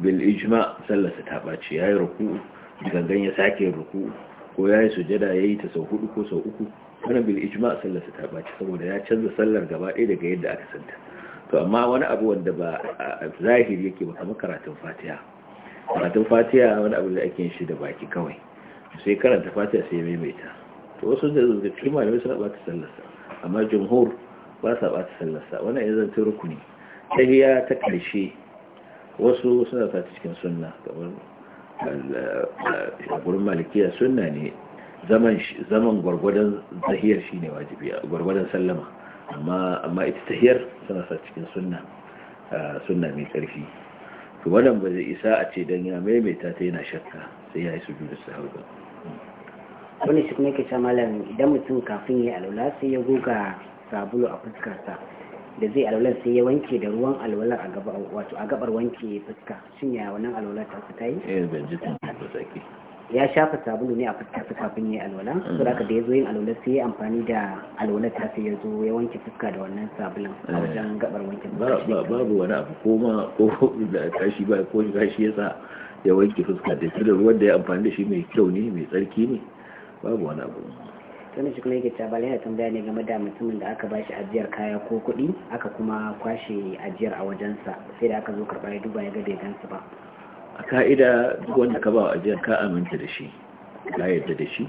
bil ijma sallarsa ta ɓaci ya ruku'u da gangan ya sake ruku'u ko ya yi sujjada ya ta sau hudu ko sau uku wannan bil ijma sallarsa ta ɓaci saboda ya canza sallar gaba ɗaya daga yadda aka santa to amma wani abu wanda ba zahiri yake ba kamar karatun fatiha karatun fatiha wani abu da ake yin shi da baki kawai sai karanta fatiha sai ya maimaita to wasu da zikri malamai suna bata sallarsa amma jumhur ba sa bata sallarsa wannan ya zanta rukuni tahiya ta karshe wasu suna sa cikin sunna kamar eh, a gurin malikiya sunna ne zaman gwargwadon zahiyar shi ne wajibi gwargwadon sallama amma ita tahiyar suna sa cikin sunna eh, sunna mai karfi to wannan ba zai isa a ce don ya maimaita ta yana shakka sai ya yi su biyu da sahabu wani shi kuma yake cewa malam idan mutum kafin ya alwala sai ya goga sabulu a fuskarsa da zai alwala sai ya wanke da ruwan alwala a gaba wato a gabar wanke fuska shin ya wannan alwala ta fita yi eh ban ji tun ya shafa sabulu ne a fuskarsa kafin ya alwala mm. so da da ya zo yin alwalar sai ya amfani da alwala ta sai ya zo ya wanke fuska da wannan sabulun a eh. wajen gabar wanke fuska babu wani abu ko ma ko da kashi ba ko ya yasa ya wanke fuska da ruwan da ya amfani da shi mai kyau ne mai tsarki ne babu wani abu tun shi kuma yake ta bala yana tambaya ne game da mutumin da aka bashi ajiyar kaya ko kuɗi aka kuma kwashe ajiyar a wajensa sai da aka zo karɓa ya duba ya ga bai gansu ba a ka'ida duk wanda ka ba wa ajiyar ka aminta da shi ka yadda da shi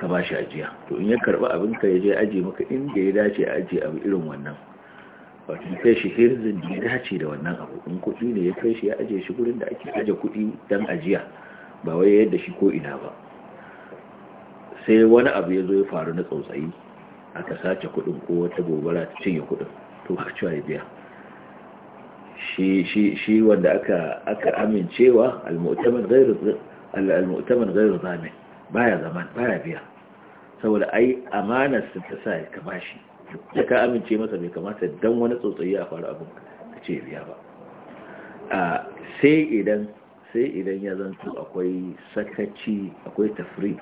ka ba shi ajiya to in ya karɓa abin ka ya je aji maka inda ya dace a aji abu irin wannan wato ya kai shi hirzin da ya dace da wannan abu in kuɗi ne ya kai shi ya aje shi gurin da ake aje kuɗi dan ajiya ba wai yadda shi ko ina ba sai wani abu ya zo ya faru na tsautsayi aka sace kudin ko wata gobara ta cinye kudin to a cewa ya biya shi wanda aka amincewa al-mu'taman zai al baya zaman baya biya saboda ai amana su ta sa ka bashi da ka amince masa mai kamata dan wani tsotsayi a faru abin ka ce biya ba sai idan sai idan ya zanto akwai sakaci akwai tafrit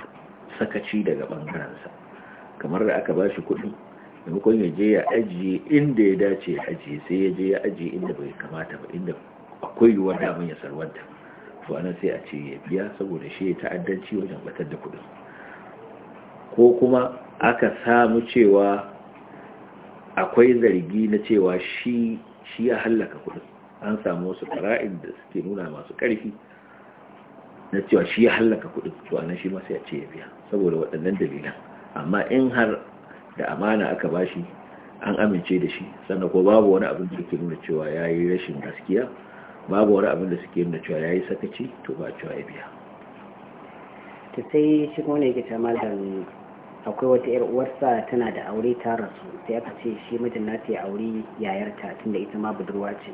sakaci daga bankaransa kamar da aka bashi kuɗi maimakon ya je ya ajiye inda ya dace ya ajiye sai ya je ya ajiye inda bai kamata ba inda akwai yiwuwar daman ya sarwanta to anan sai a ce ya biya saboda shi ya ta'addanci wajen batar da kuɗin ko kuma aka samu cewa akwai zargi na cewa shi ya hallaka kuɗin an samu wasu fara'in da suke nuna masu karfi na cewa shi ya hallaka kudin to nan shi ma sai ya biya saboda waɗannan dalilan amma in har da amana aka bashi an amince da shi sannan ko babu wani abin da suke nuna cewa ya yi rashin gaskiya babu wani abin da suke nuna cewa ya yi sakaci to ba cewa ya biya ta sai shi kuma ne yake ta malam akwai wata yar uwarsa tana da aure ta rasu sai aka ce shi mijin nata ya aure yayarta tunda ita ma budurwa ce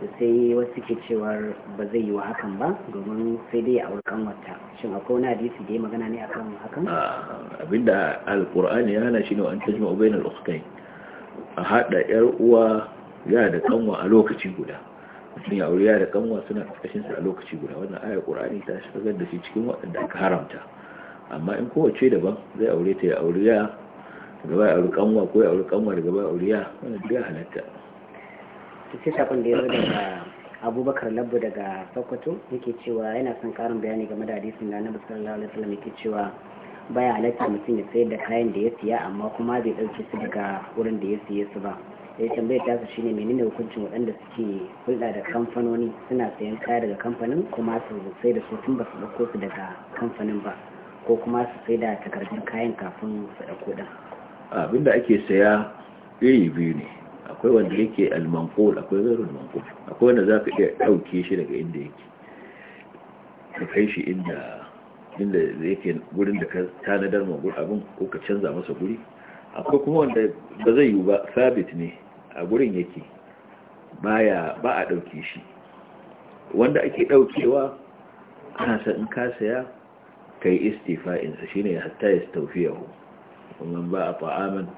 ta sai wasu ke cewar ba zai yi wa hakan ba domin sai dai a wurkan wata shin akwai wani hadisi da ya magana ne akan hakan ah, abinda alkur'ani ya hana shi ne an tajma ubain al-ukhtayn a hada yar uwa ya da kanwa a lokaci guda mutum ya aure ya da kanwa suna kashin su a lokaci guda wannan ayar qur'ani ta shigar da shi cikin waɗanda aka haramta amma in kowace daban zai aure ta ya aure ya daga baya aure kanwa ko ya aure kanwa daga baya aure ya wannan duk halatta sai sakon da ya zo daga abubakar labu daga sokoto yake cewa yana son karin bayani game da hadisin da annabi sallallahu alaihi wasallam yake cewa baya halatta mutum ya sayar da kayan da ya siya amma kuma bai dauke su daga wurin da ya siye su ba ya eh, tambayar tasu shine menene hukuncin waɗanda suke hulɗa da kamfanoni suna sayan kaya daga kamfanin kuma su sai da su tun ba su ɗauko su daga kamfanin ba ko kuma su sai da takardun kayan kafin su ɗauko ɗin abinda ake saya iri biyu ne akwai wanda yake almanqul akwai ghairul manqul akwai wanda zaka iya dauke shi daga inda yake ka kai shi inda inda yake gurin da ka tanadar mangul abin ko ka canza masa guri akwai kuma wanda ba zai yi ba sabit ne a gurin yake baya ba a dauke shi wanda ake daukewa ana sa in ka saya kai istifa'insa shine hatta yastawfiyahu wannan ba a ta'aman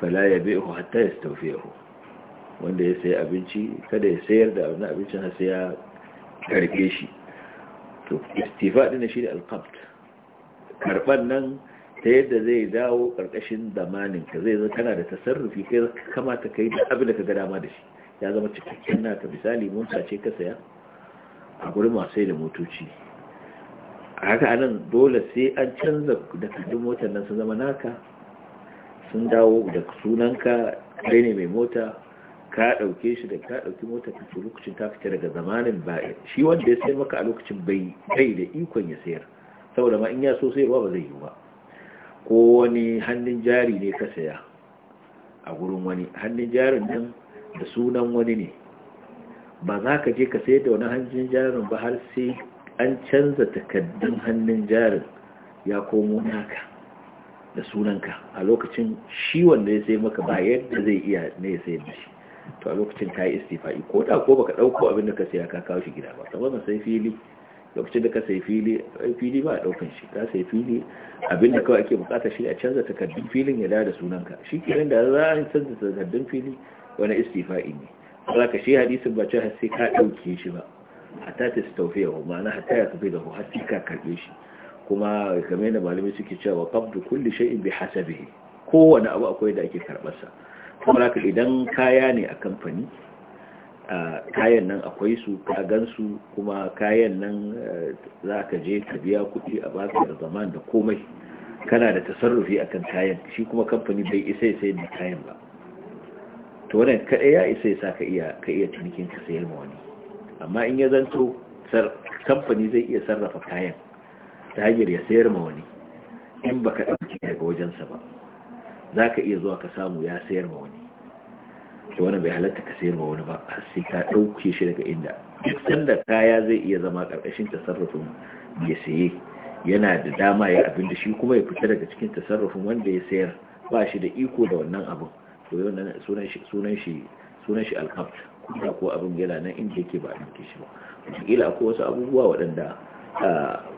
fala ya bai hatta ya staufiyahu wanda ya sayi abinci kada ya sayar da wani abincin har sai ya karbe shi to istifa din shi da alqabt karban nan ta yadda zai dawo karkashin zamanin ka zai zo kana da tasarrufi kai kamata kai da abin da ka ga dama da shi ya zama cikakken naka misali mota ce ka saya a gurin masu sai da motoci haka anan dole sai an canza da kudin motar nan su zama naka sun dawo da sunanka kai ne mai mota ka ɗauke shi da ka dauki mota ka ce lokacin ta fita daga zamanin ba shi wanda ya sayar maka a lokacin bai kai da ikon ya sayar saboda ma in ya so sayarwa ba zai yi ba ko wani hannun jari ne ka saya a gurin wani hannun jarin nan da sunan wani ne ba za ka je ka sayar da wani hannun jarin ba har sai an canza takaddun hannun jarin ya komo naka da sunanka a lokacin shi wanda ya sai maka ba yadda zai iya ne ya sai da shi to a lokacin ka yi istifa'i ko da ko baka ɗauko abin da ka saya ka kawo shi gida ba ta wannan sai fili lokacin da ka sai fili ai fili ba a ɗaukan shi ka sai fili abin da kawai ake bukata shi a canza takardun filin ya da sunanka shi nan da za a canza takardun fili wani istifa'i ne ba ka shi hadisin ba ce sai ka ɗauke shi ba hatta ta tawfiya wa ma'ana hatta ya tafi da ku hatta ka karbe shi kuma kamar da malami suke cewa kabdu kulli shay'in bi hasabihi kowane abu akwai da ake karbarsa kuma haka idan kaya ne a kamfani kayan nan akwai su ka gansu kuma kayan nan eh, za ka je ka biya kuɗi a baka da zaman da komai kana da tasarrufi akan kayan shi kuma kamfani bai isa sai da kayan ba to wannan kaɗai ya isa ya ka iya ka iya cinikin ka sayar ma wani amma in ya zanto kamfani zai iya sarrafa kayan tagir ya sayar ma wani in baka ɗauki daga wajensa ba za ka iya zuwa ka samu ya sayar ma wani to wani bai halatta ka sayar ma wani ba har sai ka ɗauke shi daga inda duk sanda kaya zai iya zama karkashin tasarrufin ya saye yana da dama ya abin da shi kuma ya fita daga cikin tasarrufin wanda ya sayar ba shi da iko da wannan abin to sunan shi sunan shi sunan shi ko abin yana nan inda yake ba a dauke shi ba kila akwai wasu abubuwa waɗanda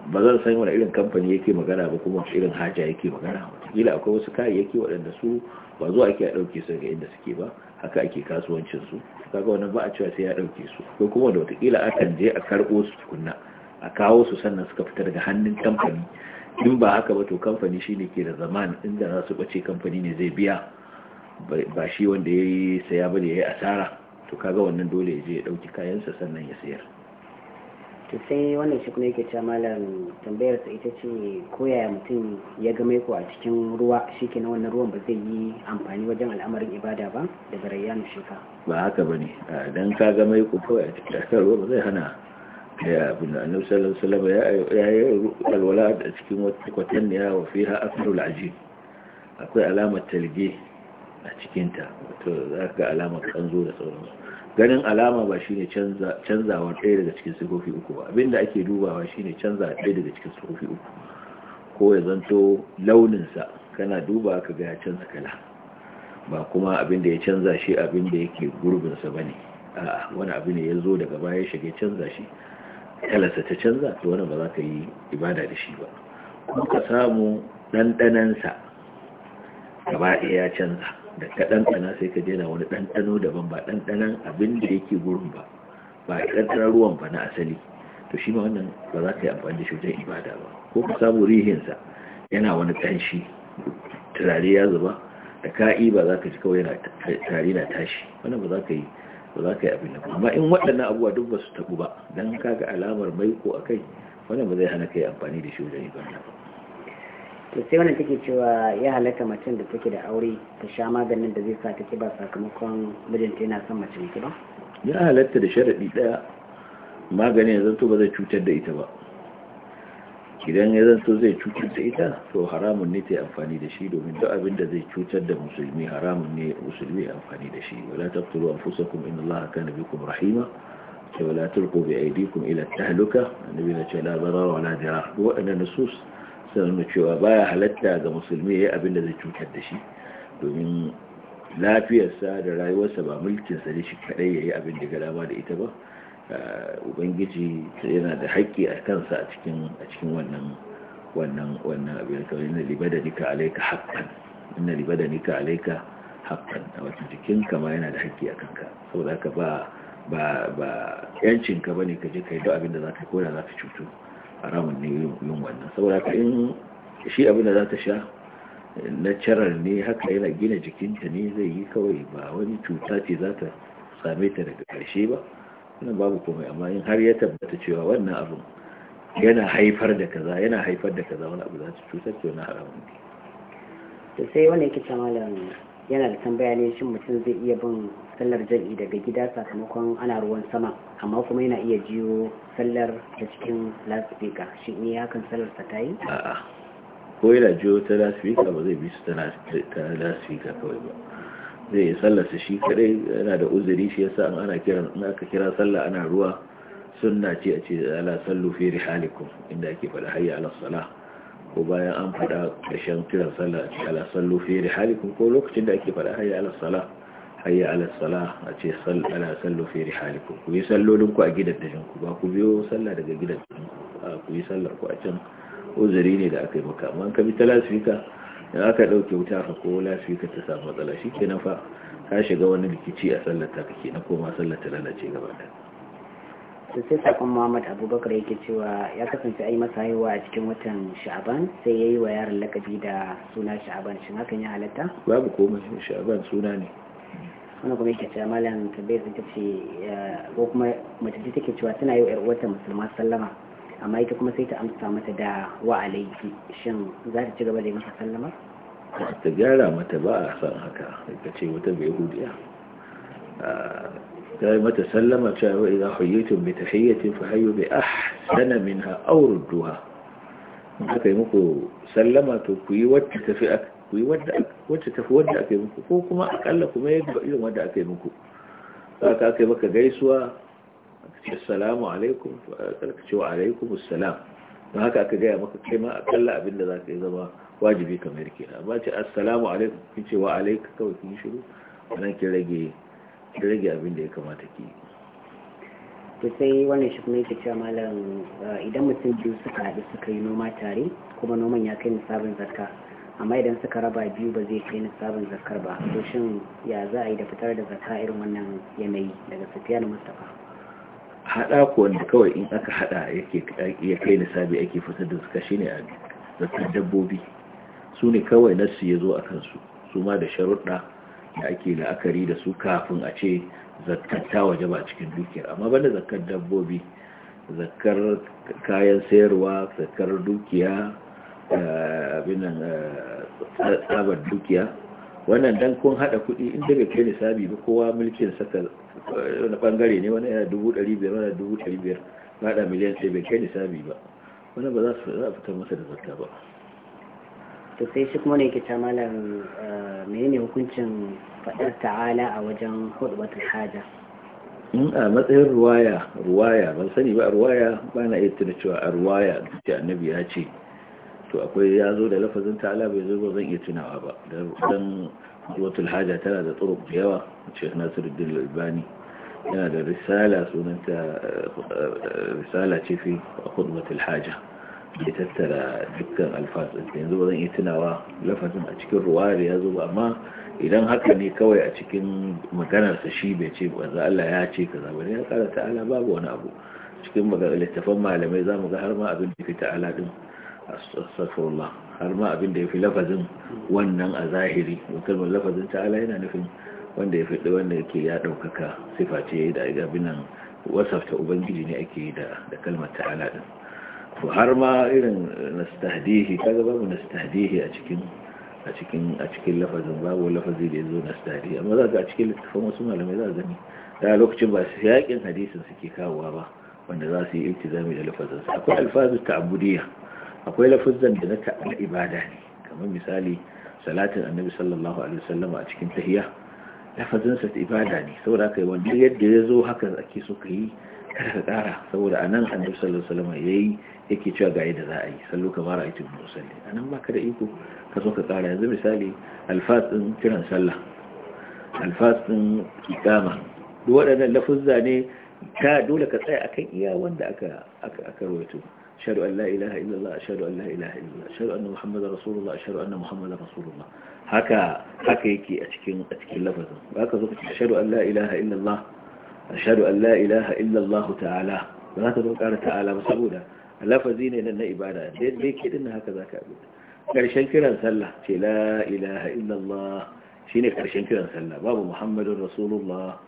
ba zan san wani irin kamfani yake magana ba kuma irin haja yake magana watakila akwai wasu kayayyaki waɗanda su ba zuwa ake a ɗauke su ga inda suke ba haka ake kasuwancin su kaga wannan ba a cewa sai ya ɗauke su ko kuma da watakila akan je a karɓo su tukunna a kawo su sannan suka fita daga hannun kamfani in ba haka ba to kamfani shine ke da zaman inda za su bace kamfani ne zai biya ba shi wanda ya yi saya ba da ya yi asara to kaga wannan dole ya je ya ɗauki kayansa sannan ya sayar to sai wannan shi kuma yake cewa malam tambayar sa ita ce koyaya mutum ya ga maiko a cikin ruwa shike na wannan ruwan ba zai yi amfani wajen al'amarin ibada ba da ya nushe ka ba haka bane dan ka ga maiko kawai a cikin ruwa ba zai hana ya ابن alwala a cikin عليه وسلم يا الولاد أتكيم وتنيا وفيها أثر العجيب أكوي علامة ga da ganin alama ba shine canzawar ɗaya daga cikin sufofi uku ba abinda ake dubawa shine canza ɗaya daga cikin sufofi uku ko ya zanto launinsa kana duba ka ga canza kala ba kuma abinda ya canza shi abinda yake gurbinsa ba ne a wani abu ne ya zo daga baya shiga canza shi kalarsa ta canza to wani ba za ka yi ibada da shi ba kuma ka samu ɗanɗanansa gaba ɗaya ya canza da ka ɗanɗana sai ka daina wani ɗanɗano daban ba ɗanɗanan abin da yake gurin ba ba ɗanɗanan ruwan ba na asali to shi ma wannan ba za ka yi amfani da shi wajen ibada ba ko ka samu rihinsa yana wani ƙanshi turare ya zuba da ka'i ba za ka ji kawai yana turare na tashi wannan ba za ka yi ba za ka yi abin nan amma in waɗannan abubuwa duk ba su tabu ba don kaga alamar maiko a kai wannan ba zai hana ka yi amfani da shi wajen ibada ba to sai wannan take cewa ya halatta mutum da take da aure ta sha maganin da zai sa ta ba sakamakon mijinta yana son mace ne ba ya halatta da sharadi daya maganin ya zanto ba zai cutar da ita ba idan ya zanto zai cutar da ita to haramun ne ta yi amfani da shi domin duk abin da zai cutar da musulmi haramun ne musulmi ya amfani da shi wala taqtulu anfusakum inna allaha kana bikum rahima wala turku bi kuma ila tahluka annabi na ce la darar wala dirar waɗannan nusus sanin nuna cewa baya halatta ga musulmi ya yi abin da zai cutar da shi domin lafiyarsa da rayuwarsa ba mulkinsa ne shi kadai ya yi abin da gada ba da ita ba uh, ubangiji yana da haƙƙi a kansa a cikin a cikin wannan wannan wannan abin kawai libada nika alayka haqqan inna nika alayka haqqan a wata cikin kama yana da haƙƙi a kanka saboda ka ba ba ba yancin ka bane ka je kai da abin da zaka koda zaka cutu haramun ne yin wannan saboda ka in shi abin da za ta sha na carar ne haka yana gina jikinta ne zai yi kawai ba wani cuta ce za ta same ta daga karshe ba wani babu komai amma in har ya tabbata cewa wannan abin yana haifar da kaza yana haifar da kaza wani abu za ta cutar ce wani haramun ne yana da tambaya ne shin mutum zai iya bin sallar jam'i daga gida sakamakon ana ruwan sama amma kuma yana iya jiyo sallar ta cikin lasfika shi ne eh, hakan sallar sa ta yi? a'a ko yana jiyo ta lasifika ba zai bi su ta lasifika kawai ba zai yi sallarsa shi kadai yana da uzuri shi yasa an ana kira in aka kira sallah ana ruwa sunna ce a ce ala sallu fi rihalikum inda ake faɗa hayya ala salah ko bayan an faɗa ƙarshen kiran sallah a cikin alasallu fiye da halikun ko lokacin da ake fada hayya alasala hayya sala a ce alasallu fiye da halikun ku yi sallolinku a gidan dajinku ba ku biyo sallah daga gidan a ku yi sallar ku a can uzuri ne da aka yi maka amma ka bi ta lasfika in aka ɗauke wuta ka ko lasfika ta samu matsala shi ke fa ka shiga wani rikici a sallar ta kake na koma sallar ta lalace gaba ɗaya wato sai sakon muhammad abubakar yake cewa ya kasance a yi masa haihuwa a cikin watan sha'aban sai ya yi wa yaron lakabi da suna sha'aban shin hakan ya halatta babu komai sha'aban suna ne wani kuma yake cewa malam tabbai ta ce ko kuma mace ta take cewa tana yi wa uwarta musulma sallama amma ita kuma sai ta amsa mata da wa alaiki shin za ta ci gaba da yi masa sallama ta gyara mata ba a san haka ita ce wata bai hudiya ah, ya yi mata sallama cewa wa idan hayyatun bi tahiyyatin aka yi muku sallama ku yi wacce tafi aka yi muku ko kuma akalla kuma ya ga aka yi muku haka aka yi maka gaisuwa assalamu alaikum karka ce wa alaikum don haka aka gaya maka kai ma akalla abin da za ka yi zama wajibi kamar kenan amma ce assalamu alaikum wa kawai kin shiru wannan rage ki rage abin da ya kamata ke. yi ta sai wannan shi kuma yake cewa malam eh, idan mutum biyu suka haɗu suka yi noma tare kuma noman ya kai nisabin zarka amma idan suka raba biyu ba zai kai nisabin zarkar ba to shin ya za a yi da fitar da zakka irin wannan yanayi daga na mustapha haɗa ko wanda kawai in aka haɗa ya kai nisabi ake fitar da shi shine a zarkar dabbobi su ne kawai nasu ya zo a kansu su ma da sharuɗa da ake la'akari da su kafin a ce zakkar ta waje ba cikin dukiyar amma banda zakkar dabbobi zakkar kayan sayarwa zakkar dukiya eh, abinan eh, tsabar dukiya wannan dan kun hada kudi inda bai kai nisabi ba kowa mulkin saka wani bangare ne wani yana dubu ɗari biyar wani dubu ɗari biyar da miliyan sai bai kai nisabi ba wani ba za su fita masa da zakka ba to sai shi kuma ne ke ta menene hukuncin faɗar ta'ala a wajen hudubatul haja in a matsayin ruwaya ruwaya ban sani ba ruwaya ba na iya tuna cewa a ruwaya da annabi ya ce to akwai ya zo da lafazin ta'ala bai zo ba zan iya tunawa ba dan wata haja tana da tsoro da yawa Sheikh Nasiruddin Albani yana da risala sunanta eh, eh, risala ce fi wata haja ya tattara dukkan alfazin yanzu ba zan yi tunawa lafazin a cikin ruwa da ya zo amma idan haka ne kawai a cikin maganarsa shi bai ce wanzu Allah ya ce ka zama ne ya kara ta'ala babu wani abu cikin littafan malamai za mu ga har ma abin da fi ta'ala din astagfirullah har ma abin da ya fi lafazin wannan a zahiri kalmar lafazin ta'ala yana nufin wanda ya fi wanda yake ya ɗaukaka sifa ce da abin nan wasafta ubangiji ne ake yi da kalmar ta'ala din har ma irin nastahdihi kaga babu nastahdihi a cikin a cikin a cikin lafazin babu lafazi da yazo nastahdihi amma za ka a cikin littafin wasu malamai za a gani da lokacin ba su yakin hadisin suke kawowa ba wanda za su yi iltizami da lafazin sa akwai alfazu ta'budiyya akwai lafazan da na ta'ala ibada ne kamar misali salatin annabi sallallahu alaihi wasallam a cikin tahiyya lafazin sa ibada ne saboda kai wanda yadda yazo haka ake so ka yi kada ka kara saboda anan annabi sallallahu alaihi wasallam yayi yake cewa ga yadda za a yi sallu kamar aitu salli a nan ba ka da iko ka so ka kara yanzu misali alfas din kiran sallah alfas din ikama duk waɗannan lafuzza ne ka dole ka tsaya akan iya wanda aka aka aka rawaito ashhadu an la ilaha illallah ashhadu an la ilaha illallah ashhadu anna muhammadar rasulullah ashhadu anna muhammadar rasulullah haka haka yake a cikin a cikin lafazin ba ka zo ka ashhadu an la illallah ashhadu an la ilaha illa ta'ala ba za ta zo ƙara ta'ala ba saboda lafazi ne nan na ibada da yake din haka za ka abin ƙarshen kiran sallah ce la ilaha illallah Allah shine ƙarshen kiran sallah babu muhammadun rasulullah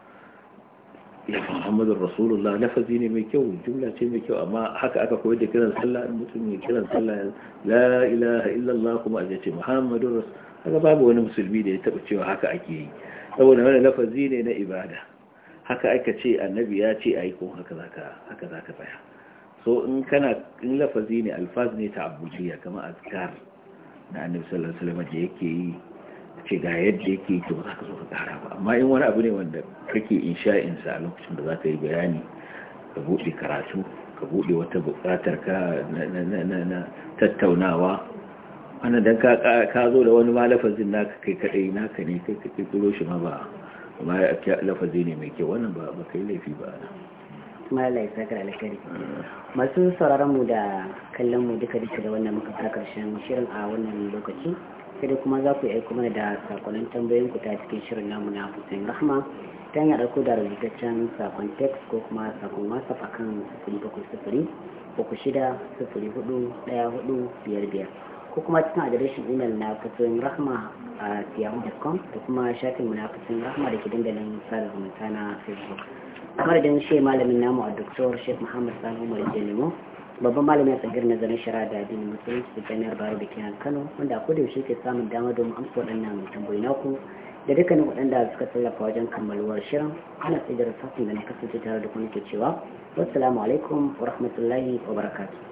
Muhammadun Rasulullah lafazi ne mai kyau jumla ce mai kyau amma haka aka koyar da kiran sallah in mutum ya kiran sallah la ilaha illallah kuma a ce Muhammadun Rasul haka babu wani musulmi da ya taɓa cewa haka ake yi saboda wani lafazi ne na ibada haka aka ce annabi ya ce a yi kuma haka za ka tsaya so in kana in lafazi ne alfaz ne ta abujiya kama azkar na annabi sallallahu alaihi wasallam da yake yi ce ga yadda yake yi to ba za ka zo ka kara ba amma in wani abu ne wanda kake in sa lokacin da za ka yi bayani ka buɗe karatu ka buɗe wata buƙatar ka na tattaunawa wannan dan ka zo da wani malafazin naka kai kadai naka ne kai ka kiro shi ma ba amma ya lafazi ne mai kyau wannan ba kai laifi ba ana malai sakar alkari masu sauraron mu da kallon mu duka duka da wannan muka ta karshen shirin a wannan lokaci sai kuma za ku aiko mana da sakonin tambayoyin ku ta cikin shirin namu na Hussein Rahma ta hanyar ɗauko da rubutaccen sakon text ko kuma sakon WhatsApp akan sifiri uku shida sufuri hudu daya hudu biyar biyar ko kuma cikin adireshin imel na fatoyin rahma a yahoo.com da kuma shafin mu na fatoyin rahma da ke dandalin sada zumunta na facebook kamar da shi malamin namu a doktor sheikh muhammad sanu mai jelimo babban malamin tsagar nazarin shari'a da addinin musulunci da janar baro da kenan kano wanda a kodayaushe ke samun dama domin amsa waɗannan tambayi naku da dukkanin waɗanda suka tallafa wajen kammaluwar shirin ana tsaye da rasafin da na kasance tare da kuma ke cewa wassalamu alaikum wa rahmatullahi wa barakatuh